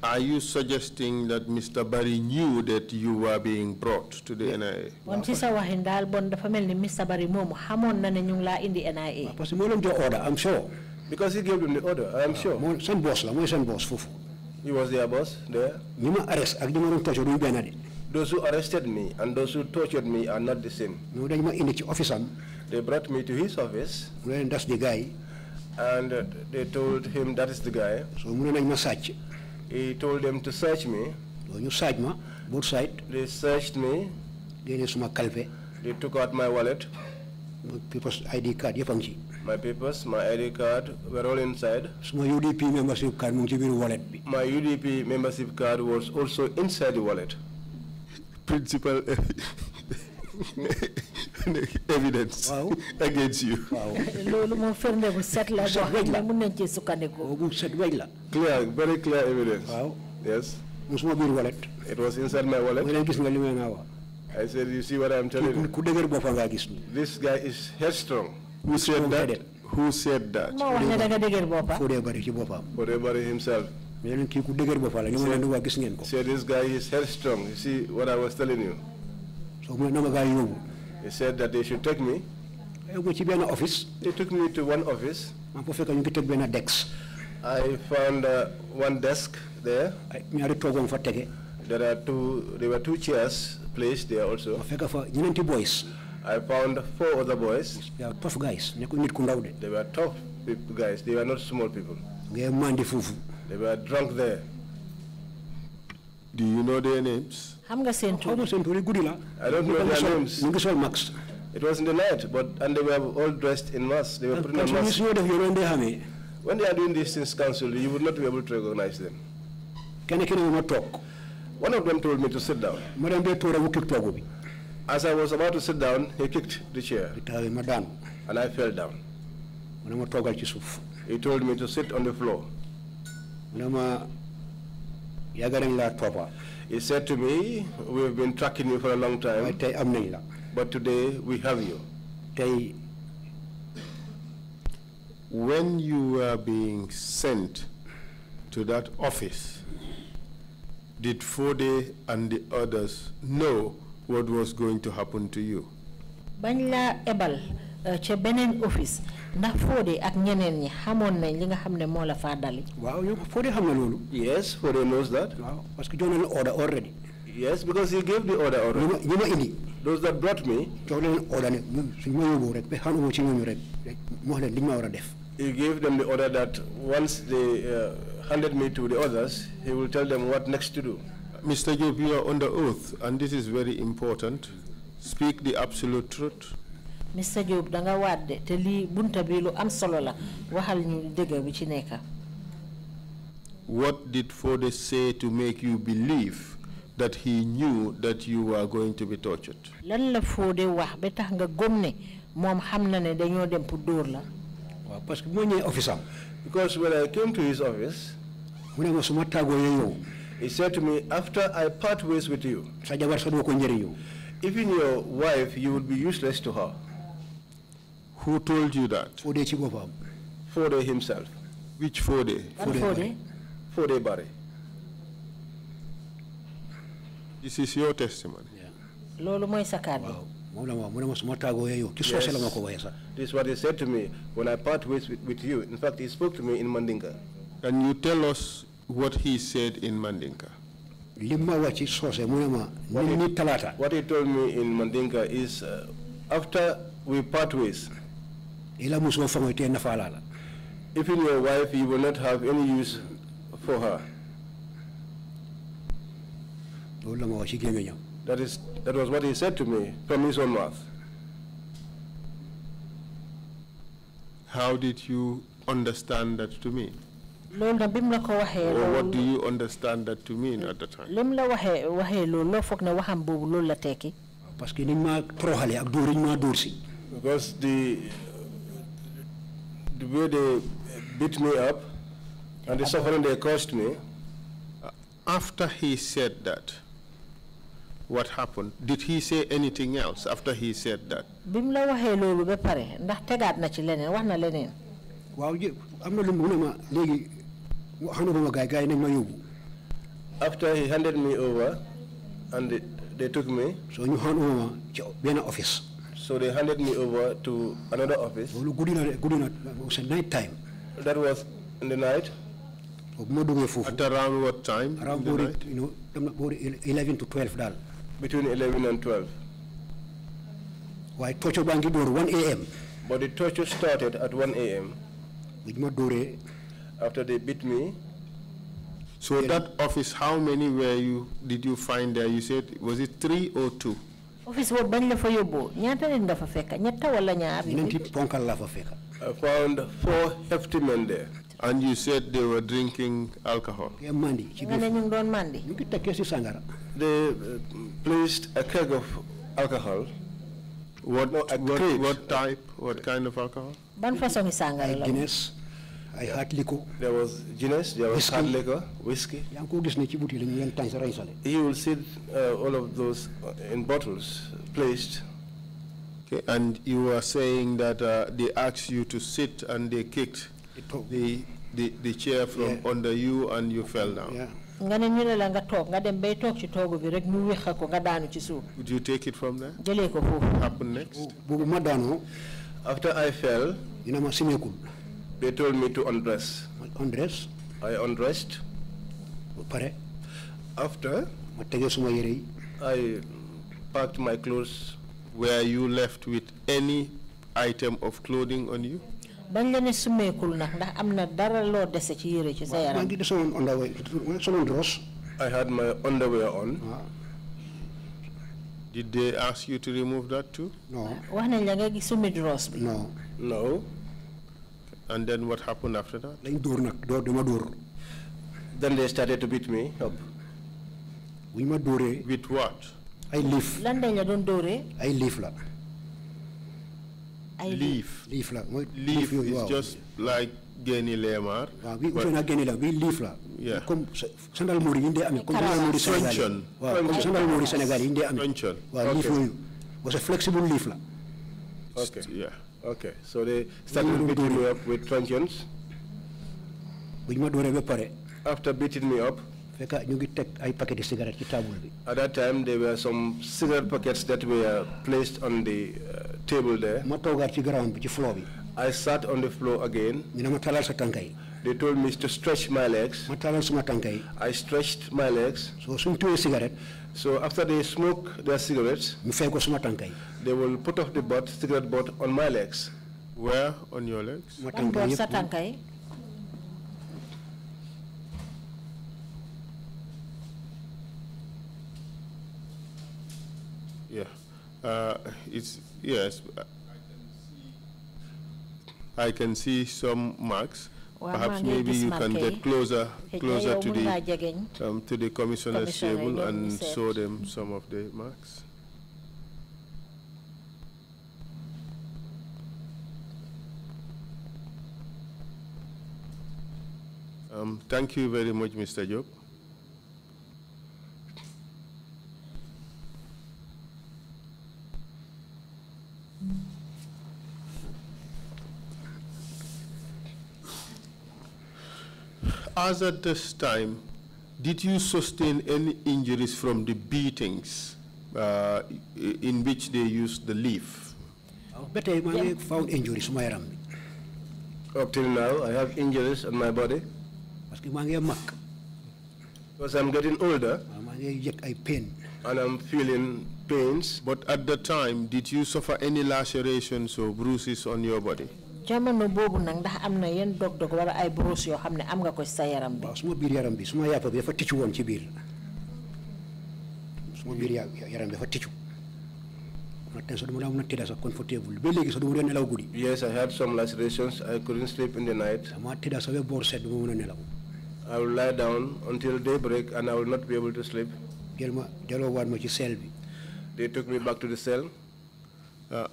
are you suggesting that Mr. Barry knew that you were being brought to the NIA? Won ci sa waxin dal bon dafa melni Mr. Barry mom xamone na ne ñu la indi NIA. Parce que mo lam jox order, I'm sure. Because he gave them the order, I'm ah, sure. Mo sen boss la, moy sen boss fofu. He was their boss there. Ñu ma arrest ak ñu ma torture duñ ben de. Those who arrested me and those who tortured me are not the same. Ñu dañ ma indi ci office am. They brought me to his office. Mu len that's the guy. And uh, they told him that is the guy. So mu len dañ ma sacc. He told them to search me. You searched me, both sides. They searched me. They took out my wallet. My papers, ID card, My papers, my ID card were all inside. My UDP membership card, wallet. My UDP membership card was also inside the wallet. Principal. évidence wow. against you Wow. Oh, clear very clear evidence Wow. yes wallet it was inside my wallet I said you see what I'm telling you this guy is headstrong who said that who said that moo wax himself mais this guy is headstrong you see what I was telling you so They said that they should take me. Eh, an office. They took me to one office. I to take me I found uh, one desk there. There are two, there were two chairs placed there also. boys. I found four other boys. They are tough guys. They were tough guys. They were not small people. They were drunk there. Do you know their names? xam nga seen tur. xaw I don't know their names. ñu ngi sol max. It was in the night, but and they were all dressed in masks. They were putting on masks. When they are doing this since council, you would not be able to recognize them. Can I can not talk? One of them told me to sit down. Madam As I was about to sit down, he kicked the chair. Madam, And I fell down. He told me to sit on the floor. He said to me, we've been tracking you for a long time. But today we have you. When you were being sent to that office, did Fode and the others know what was going to happen to you? Banila ebal eh, ca office ndax Fodé ak ñeneen ñi xamoon nañ li nga xam ne moo la faa dali. waaw yow Fodé xam na loolu. yes Fodé knows that. waaw parce que jox nañ order already. yes because he gave the order already. ñu ma indi. those that brought me. jox nañ order ne suñ ma yóbbu rek ba xam nga ci ñooñu rek mu wax leen li ma war a def. he gave them the order that once they uh, handed me to the others, he will tell them what next to do. Mr. Job, you are under oath, and this is very important. Speak the absolute truth. Mr Diop da nga waat te lii bunta bi lu am solo la waxal ñu dëgg bi ci nekk. What did Fode say to make you believe that he knew that you were going to be tortured? lan la Fode wax ba tax nga gëm ne xam na ne dañoo dem pour dóor la. waaw parce que bu ma office because when I came to his office. mu ne ma suma tàggoo yow. He said to me, after I part ways with you, if in your wife, you would be useless to her. Who told you that? Fode Chibopam. Fode himself. Which Fode? Fode. Fode, Fode This is your testimony. Lolo moy Wow. Yes. This is what he said to me when I part ways with, with you. In fact, he spoke to me in Mandinka. Can you tell us what he said in Mandinka? What he, what he told me in Mandinka is uh, after we part ways, ila muso fango na fala la your wife you will not have any use for her nyam that is that was what he said to me from his own mouth how did you understand that to me bim la ko or what do you understand that to mean at the time lim la waxam la parce que ma ak ma because the the way they beat me up and the suffering they caused me. Uh, after he said that, what happened? Did he say anything else after he said that? Bimla wa waxee loolu pare ndax tegaat na ci leneen wax na leneen. i am not lu mu ma léegi wax na ma Gai gaay ma after he handed me over and they took me. so ñu xaanu ma in benn office. So they handed me over to another office. Good good It was a night time. That was in the night. At around what time? Around you know, 11 to 12 dal. Between 11 and 12. Why torture bangi door 1 a.m. But the torture started at 1 a.m. After they beat me, so that office, how many were you? Did you find there? You said was it three or two? office bañ la fa ñaata fekk ñetta wala ñaar ponkal la fa fekk I found four hefty men there and you said they were drinking alcohol yeah, mandi ci biir ñu doon mandi ñu ngi tekkee si sangara they uh, placed a keg of alcohol what, what, what type what kind of alcohol ban façon sangara la Guinness ay xaaj liko. there was Guinness there was hard liquor whiskey. yaa ngi ko gis ne ci butéel sa rañsale. you will see uh, all of those uh, in bottles placed. Okay, and you were saying that uh, they asked you to sit and they kicked the, the, the chair from yeah. under you and you fell down. Yeah. Would you take it from there? What happened next? After I fell, they told me to undress. Undress? I undressed. Pare. After? I packed my clothes. Were you left with any item of clothing on you? bañ la ne sumeekul nag ndax am na dara loo dese ci yére ci sa yaram. maa ngi desoon underwear soloon dress. I had my underwear on. Did they ask you to remove that too? No. wax nañ la dress No. No. And then what happened after that? Then they started to beat me up. With what? I leave. I leave. I leave. Leave. Leave is just like Geni Lemar. We leave. Yeah. Sandal Mori in the Pension. Sandal Mori Senegal in the Pension. Leave was a flexible leaf. Okay. Yeah. Okay, so they started mm. beating me up with truncheons. After beating me up, at that time, there were some cigarette packets that were uh, placed on the uh, table there. I sat on the floor again. They told me to stretch my legs. I stretched my legs. So, so after they smoke their cigarettes, they will put off the butt, cigarette butt on my legs. Where on your legs? Yeah, uh, it's yes. I can see some marks. Perhaps maybe you can get closer, closer to the um, to the commissioner's table and show them some of the marks. Um, thank you very much, Mr. Job. As at this time, did you sustain any injuries from the beatings uh, in which they used the leaf? I found injuries Up till now, I have injuries on my body. Because I'm getting older. I pain. And I'm feeling pains. But at the time, did you suffer any lacerations or bruises on your body? jamono boobu nag ndax am na dog-dog wala ay brosse yoo xam am nga ko sa yaram bi. suma biir yaram bi suma yàpp bi dafa ticcu woon ci biir suma biir yaram bi dafa ticcu. Yes, I had some lacerations. I couldn't sleep in the night. I will lie down until daybreak and I will not be able to sleep. They took me back to the cell. Uh,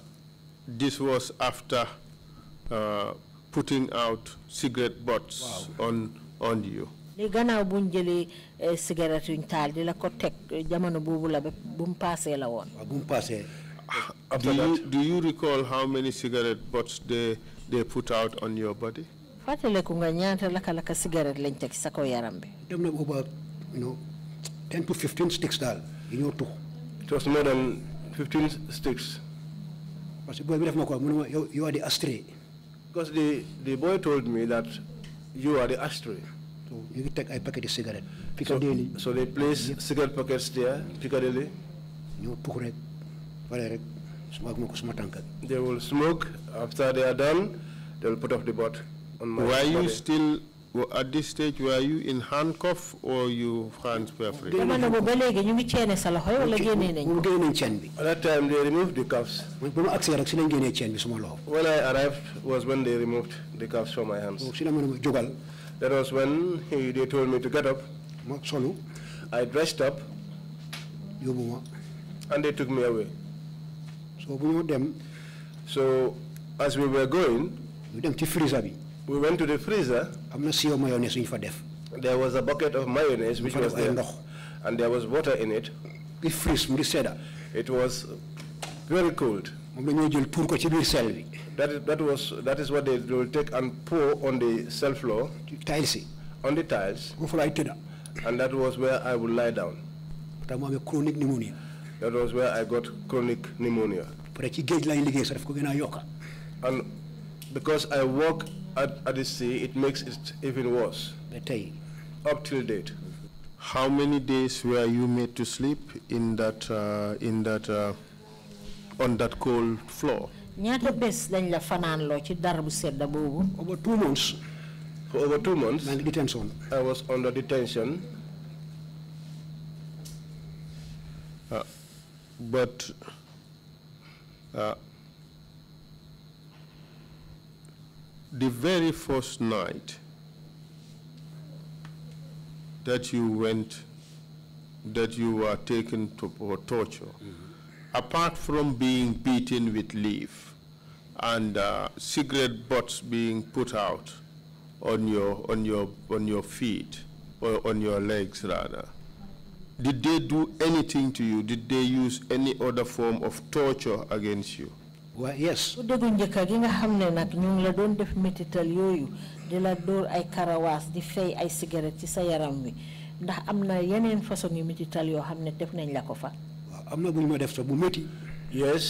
this was after uh, putting out cigarette butts wow. on on you. li gannaaw buñ jëlee eh, cigarette yuñ taal di la ko teg eh, jamono boobu la bu mu paasee la woon. waaw bu mu ah, do you do you recall how many cigarette butts they they put out on your body. fàttaliku nga ñaata laka-laka cigarette lañ teg sa kaw yaram bi. dem na over you know ten to fifteen sticks dal yi ñoo tux. it was more than fifteen sticks. parce que booy bi def na ko mu ne yow yow di astray. Because the, the boy told me that you are the ashtray. So you take a packet of cigarette, Piccadilly. So, so they place yep. cigarette packets there, Piccadilly. You smoke They will smoke. After they are done, they will put off the butt on my Were you still well, at this stage, were you in handcuff or you hands were free? At that time, they removed the cuffs. When I arrived was when they removed the cuffs from my hands. Oh, that was when he, they told me to get up. I dressed up. And they took me away. So we them. So as we were going, we them to freeze we went to the freezer. am there was a bucket of mayonnaise which was there, and there was water in it. It It was very cold. That, that, was, that is what they will take and pour on the cell floor. Tiles. On the tiles. And that was where I would lie down. chronic pneumonia. That was where I got chronic pneumonia. And because I work at, at the sea, it makes it even worse. Up till date. How many days were you made to sleep in that, uh, in that, uh, on that cold floor? ñaata over two months. for over two months. I was under detention. Uh, but uh, the very first night that you went, that you were taken to for torture, mm -hmm. apart from being beaten with leaf and uh, cigarette butts being put out on your on your on your feet or on your legs rather, did they do anything to you? Did they use any other form of torture against you? Well, yes. bu am yes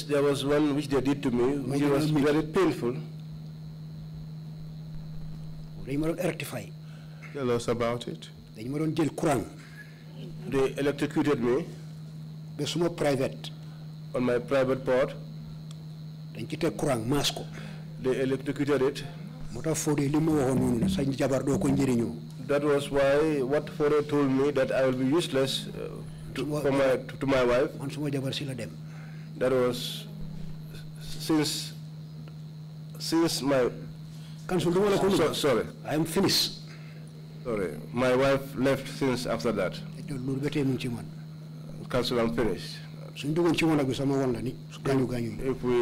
there was one which they did to me. which was very painful. dañ ma doon tell us about it. they electrocuted me. ba suma private. on my private part dañ ci teg courant maas ko. it. moo tax li ma waxoon noonu jabar doo ko njëriñoo. that was why what Fodé told me that I will be useless uh, to, my, to, to my wife. man suma jabar si la dem. that was since since my. Council, do you Sorry. I am finished. Sorry. My wife left since after that. Council, I'm finished. If we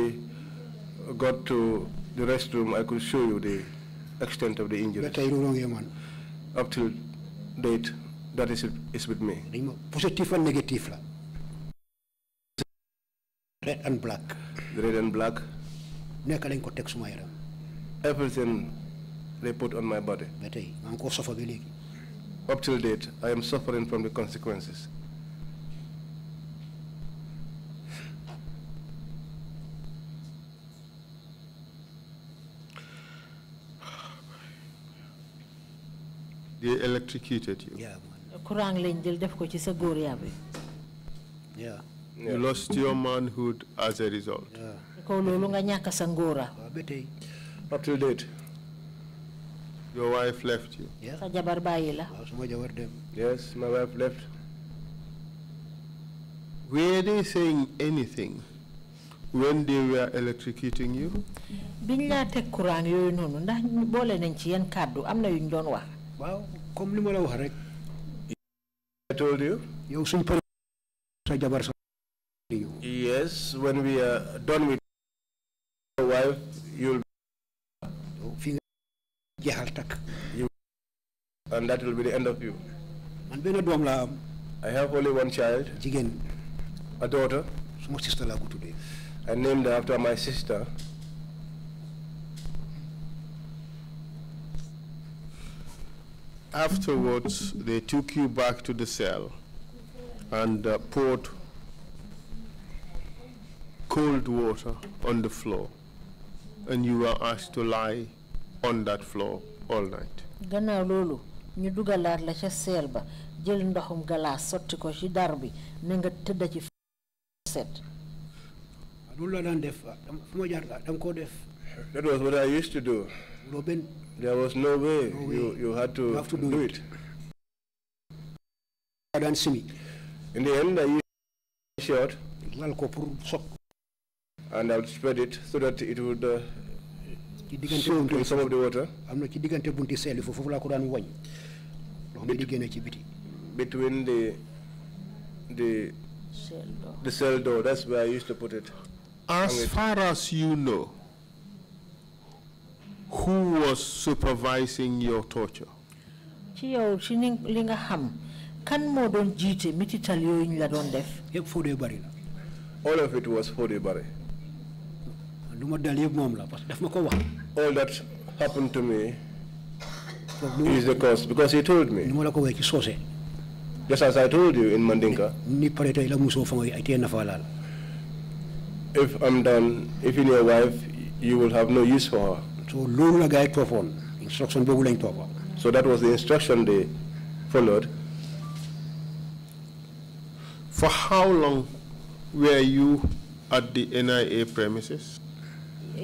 got to the restroom, I could show you the extent of the injury. Up till date, that is, is with me. Positive and negative. Red and black. Red and black. Everything they put on my body. Up till date, I am suffering from the consequences. They electrocuted you. Yeah. Kurang Yeah. You lost your manhood as a result. Yeah. Ko loolu Up to date. Your wife left you. Yeah. dem. Yes, my wife left. Were they saying anything when they were electrocuting you? Biñ kurang well, comme li ma la I told you. you suñ par sa jabar sa. yes when we are done with your wife you'll. fi nga jeexal takk. you and that will be the end of you. I have only one child. a daughter. suma sister I named her after my sister. afterwards, they took you back to the cell and uh, poured cold water on the floor. And you were asked to lie on that floor all night. gannaaw loolu ñu dugalaat la ca seel ba jël ndoxum galaas sotti ko ci dar bi ne nga set loolu la def fu ma jaar ko def that was what I used to do. loolu benn there was no way. No way. You, you had to, you have to do, do it. it. Don't see me. In the end, I used short and I would spread it so that it would uh, soak in some of the water. I'm not digante bunti seli for fufula kuran wany. Between the the cell door. the cell door. That's where I used to put it. As far as you know, who was supervising your torture? ci yow ci ni li nga xam kan mo doon jiite mitital yooyu ñu la doon def. yëpp Fodé Barry la. all of it was Fodé Barry. Luma ma dal yëpp moom la parce daf ma ko wax. all that happened to me. is the cause because he told me. nu ma la ko waxee ci soose. just as I told you in Mandinka. ni pare tey la musoo fa ay tee nafa laal. if I'm done if in your wife you will have no use for her so instruction so that was the instruction they followed for how long were you at the NIA premises I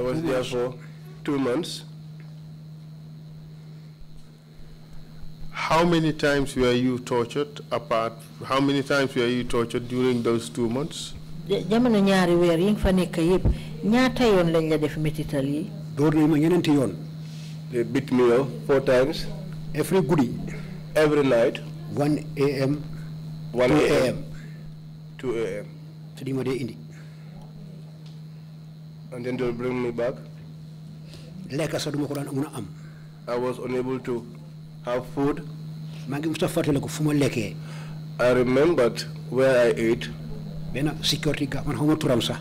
was there for two months How many times were you tortured apart? How many times were you tortured during those two months? jamono ñaari weer yi nga fa nekk yëpp ñaata yoon lañ la def métital yi. door yoon. me four times. every guddi. every night. 1 a.m. 1 a.m. 2 a.m. su di ma dee indi. and then they bring me back. lekk sax duma ko daan am. I was unable to have food. maa ngi fàttaliku fu ma lekkee. I remembered where I ate benn security guard man xawma turam sax.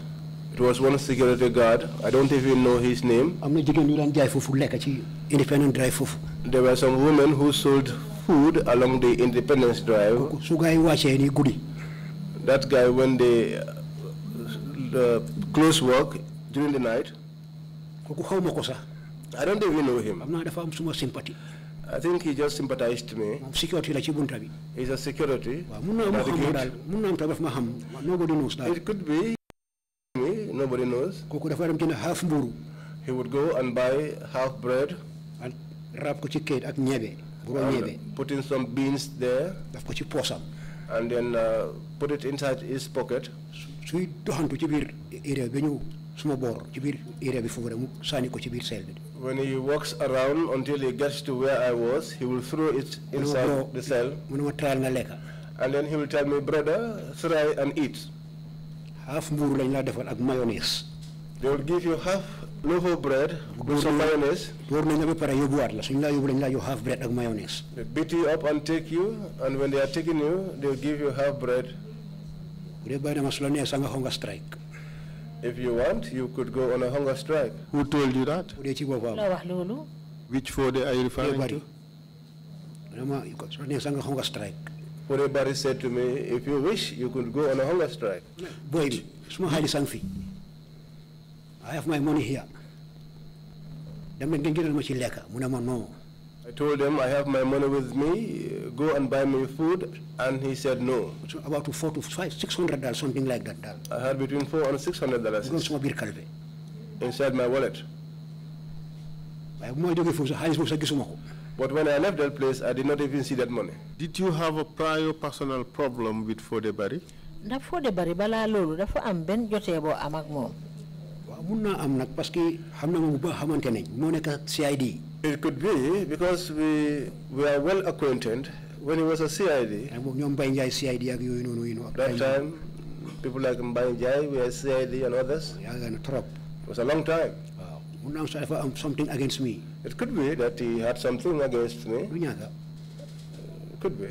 it was one security guard I don't even know his name. am na jigéen ñu daan jaay foofu ci Independence Drive foofu. there were some women who sold food along the Independence Drive. kooku su gars yi wàccee nii that guy when they close work during the night. kooku xawma ko sax. I don't even know him. am naa dafa am suma sympathy I think he just sympathized me. Security la chibuntabi. He's a security. Nobody knows that. It could be me, nobody knows. half He would go and buy half bread. And wrap ko ci kayit ak ñebe. Putting some beans there. Daf posam. And then uh, put it inside his pocket. Suy when he walks around until he gets to where I was, he will throw it inside the cell. And then he will tell me, brother, try and eat. Half mburu lañ la defal mayonnaise. They will give you half loaf of bread with some mayonnaise. Door me la ba pare yóbbuwaat la suñ la yóbbu half bread ak mayonnaise. They beat you up and take you, and when they are taking you, they will give you half bread. Bu dee bàyyi dama su strike. If you want, you could go on a hunger strike. Who told you that? Which day are you referring to? hunger strike. Fodebari said to me, if you wish, you could go on a hunger strike. Boy, I have my money here. Dama ngeen going to ci my mu ne ma non I told him I have my money with me, go and buy me food, and he said no. So about four to five, six hundred dollars, something like that. I had between four and six hundred dollars inside my wallet. But when I left that place, I did not even see that money. Did you have a prior personal problem with Fodebari? ndax Fodebari balaa loolu dafa am benn jotee Amben am ak moom. waaw mun naa am nag parce que xam na moom bu CID. It could be because we we are well acquainted when he was a CID. That time, people like Mbanjai, we were CID and others. It was a long time. Wow. Um, something against me. It could be that he had something against me. It could be.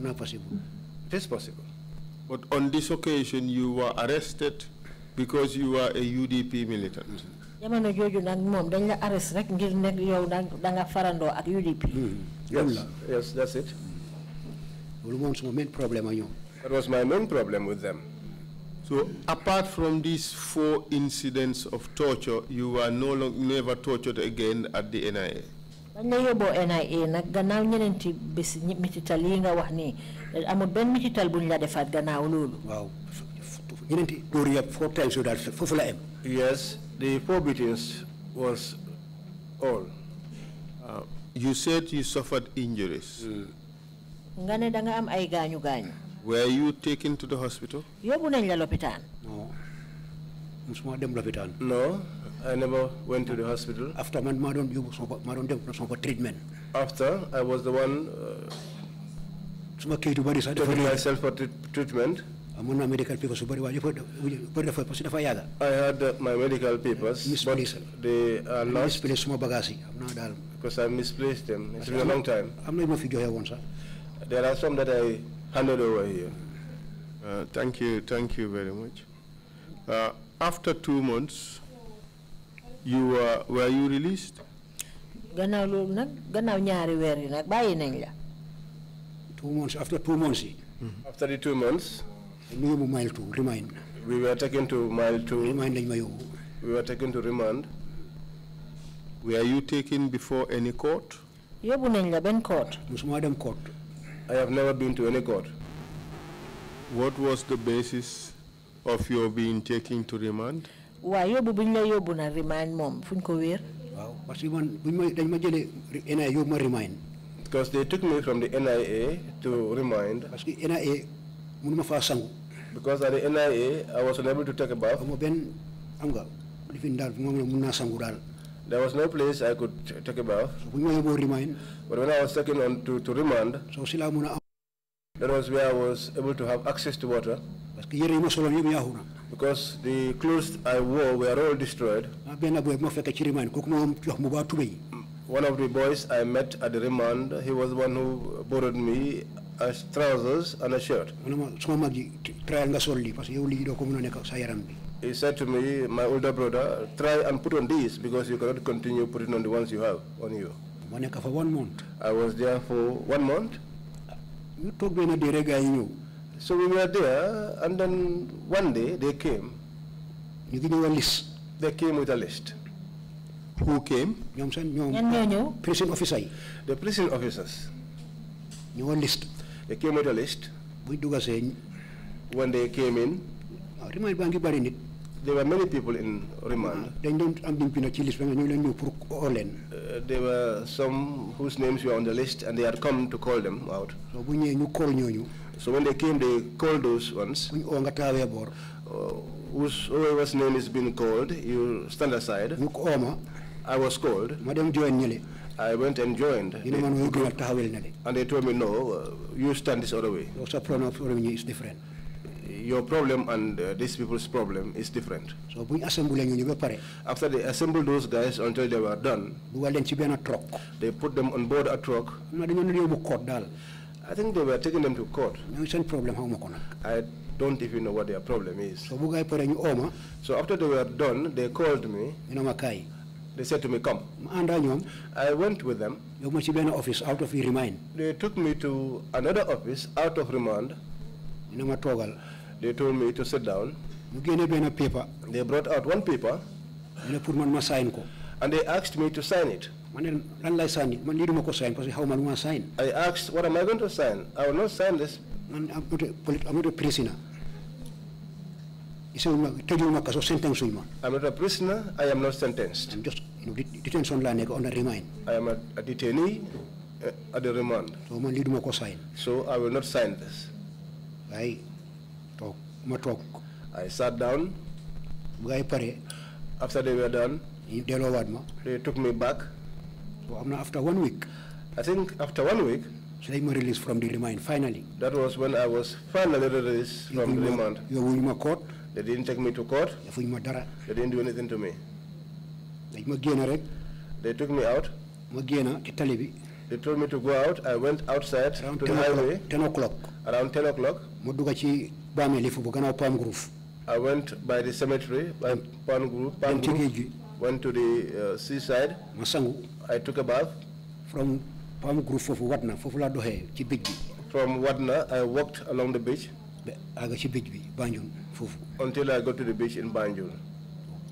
Not possible. It is possible. But on this occasion, you were arrested because you were a UDP militant. Mm -hmm jamono jooju nag dañ la arrest rek ngir yow da nga ak UDP. Hmm. yes yes that's it. main problem ak ñoom. that was my main problem with them. So apart from these four incidents of torture, you were no longer never tortured again at the NIA? bañ la yóbboo NIA nag gannaaw ñeneenti bés mitital yi nga wax nii amul benn mitital buñ la defaat gannaaw loolu. waaw ñeneenti dóor yëpp four times So daal foofu la am. yes. The four probatus was all. Uh, you said you suffered injuries. Mm. Were you taken to the hospital? No. No, I never went to the hospital. After madam, you was for treatment. After, I was the one uh, to myself for treatment among medical papers, but you put fayaga. I had uh, my medical papers, misplaced. but they are lost. Misplaced my bagasi. Because I misplaced them. It's been a long time. I'm not even figure here once, sir. There are some that I handed over here. Uh, thank you, thank you very much. Uh, after two months, you were uh, were you released? Ganaw lolu nak ganaw ñaari nak bayyi nañ Two months after two months. Mm -hmm. After the two months. Mile two, remind. We were taken to mile two. Remind We were taken to remand. Were you taken before any court? Yebu nenga ben court. court. I have never been to any court. What was the basis of your being taken to remand? Wa na mom fuñ jëlé Because they took me from the NIA to remand. NIA because at the NIA I was unable to take a bath. am There was no place I could take a bath. we were But when I was taken on to, to remand, so that was where I was able to have access to water. Because the clothes I wore were all destroyed. One of the boys I met at the remand, he was the one who borrowed me a trousers and a shirt. He said to me, my older brother, try and put on these because you cannot continue putting on the ones you have on you. For one month. I was there for one month. You took me in So we were there and then one day they came. You give me a list. They came with a list. Who came? prison officer. The prison officers. Your list. They came with a list. When they came in, there were many people in remand. Ah, uh, there were some whose names were on the list and they had come to call them out. So when they came, they called those ones. Uh, whose, whoever's name is being called, you stand aside. I was called. Madam Joanne I went and joined. They, and they told me, no, uh, you stand this other way. Your problem is different. Your problem and uh, these people's problem is different. So we After they assembled those guys until they were done, they put them on board a truck. I think they were taking them to court. I don't even know what their problem is. So after they were done, they called me. They said to me, come. I went with them. office out of remand. They took me to another office out of remand. They told me to sit down. paper. They brought out one paper. And they asked me to sign it. I asked, what am I going to sign? I will not sign this. I'm not a prisoner. I'm not a prisoner. I am not sentenced. I'm just detention on a remand. I am a, a detainee uh, at the remand. So man lead mako sign. So I will not sign this. I talk I sat down. After they were done, they took me back. So I'm not after one week. I think after one week, so they were released from the remand finally. That was when I was finally released from the remand. You were court. They didn't take me to court. They didn't do anything to me. ¿eh? They took me out. They told me to go out. I went outside around to the highway. 10 o'clock. Around 10 o'clock. I went by the cemetery, by Went to the uh, seaside. ma I took a bath. from Palm Grove Wadna From Wadna I walked along the beach àgg ci beach bi Banjul foofu. until I got to the beach in Banjul.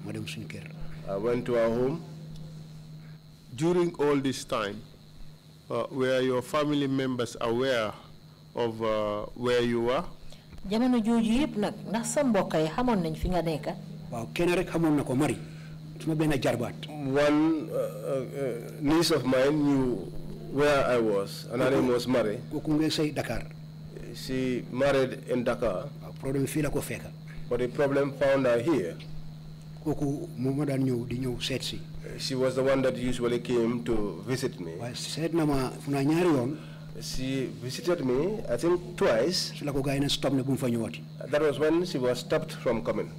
ma dem suñu kër. I went to our home. During all this time, uh, were your family members aware of uh, where you were? jamono jooju yëpp nag ndax sa mbokk yi xamoon nañ fi nga nekk. waaw kenn rek xamoon na ko Marie suma benn jarbaat. one uh, uh, niece of mine knew where I was. and her name was Marie. kooku ngay say Dakar she married in Dakar. Problem fi la ko fekka. But the problem found her here. Koku mo ma daan ñew di ñew si. She was the one that usually came to visit me. Waaye seet na ma fu yoon. She visited me, I think twice. She la ko gaay na stop ne bu fa That was when she was stopped from coming.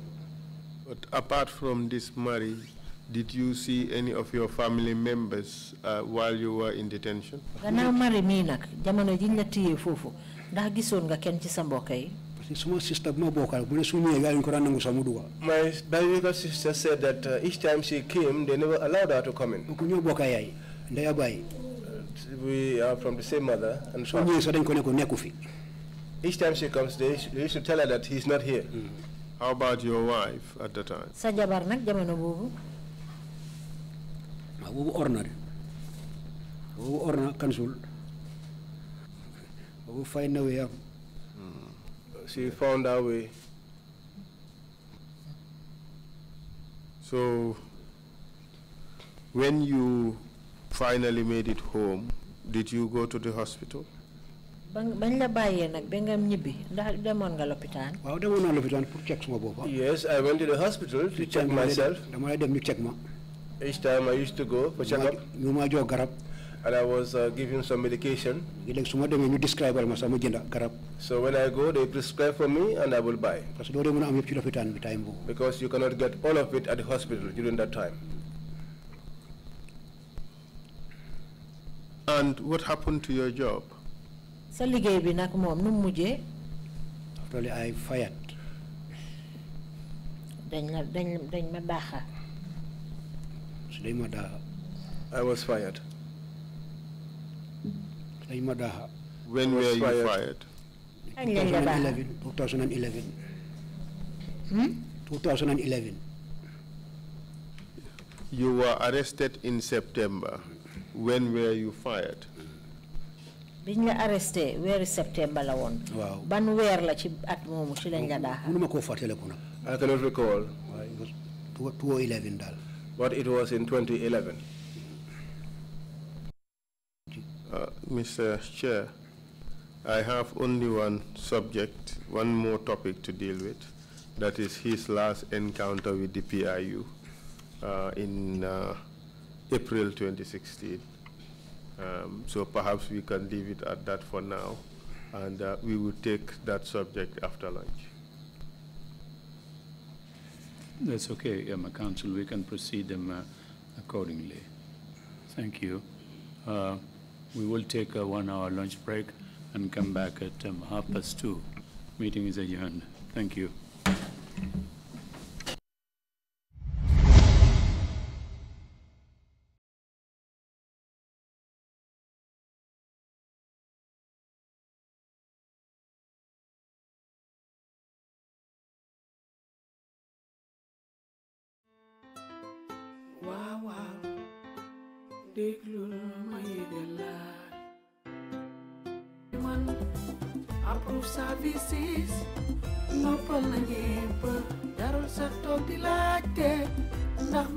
But apart from this marriage, did you see any of your family members uh, while you were in detention? Ganaw mari mi nak jamono jiñ la tiyé fofu ndax gisoon nga kenn ci sa mbokk yi. parce que suma sister bu ma bokkal bu ne su ñëwee gars yi ñu ko daan nangu sax mu dugal. my biological sister said that uh, each time she came they never allowed her to come in. donc ñoo bokk yaay ndey baay. Uh, we are from the same mother and father. su ñëwee sax dañ ko ne ko nekku fi. each time she comes they, they used to tell her that he's not here. Mm. How about your wife at the time? Sa jabar nak jamono bobu. Ma bobu orna. Bobu orna kansul we'll find a way out. Mm. She found her way. So, when you finally made it home, did you go to the hospital? yes I went to the hospital to check myself. check each time I used to go for check up and I was uh, giving some medication. So when I go, they prescribe for me and I will buy. Because you cannot get all of it at the hospital during that time. And what happened to your job? After I fired. Uh, I was fired. When were you fired? 2011. 2011. Hmm? 2011. You were arrested in September. When were you fired? When you arrested, where is September? la woon. waaw at moomu ci I cannot recall. It was 2011 but it was in 2011. Uh, Mr. Chair, I have only one subject, one more topic to deal with. That is his last encounter with the PIU uh, in uh, April 2016. Um, so perhaps we can leave it at that for now, and uh, we will take that subject after lunch. That's okay, um, Council. We can proceed them uh, accordingly. Thank you. We will take a one-hour lunch break and come back at um, half past two. Meeting is adjourned. Thank you. siis noppal na ñépp jarul sax toog di laajte ndax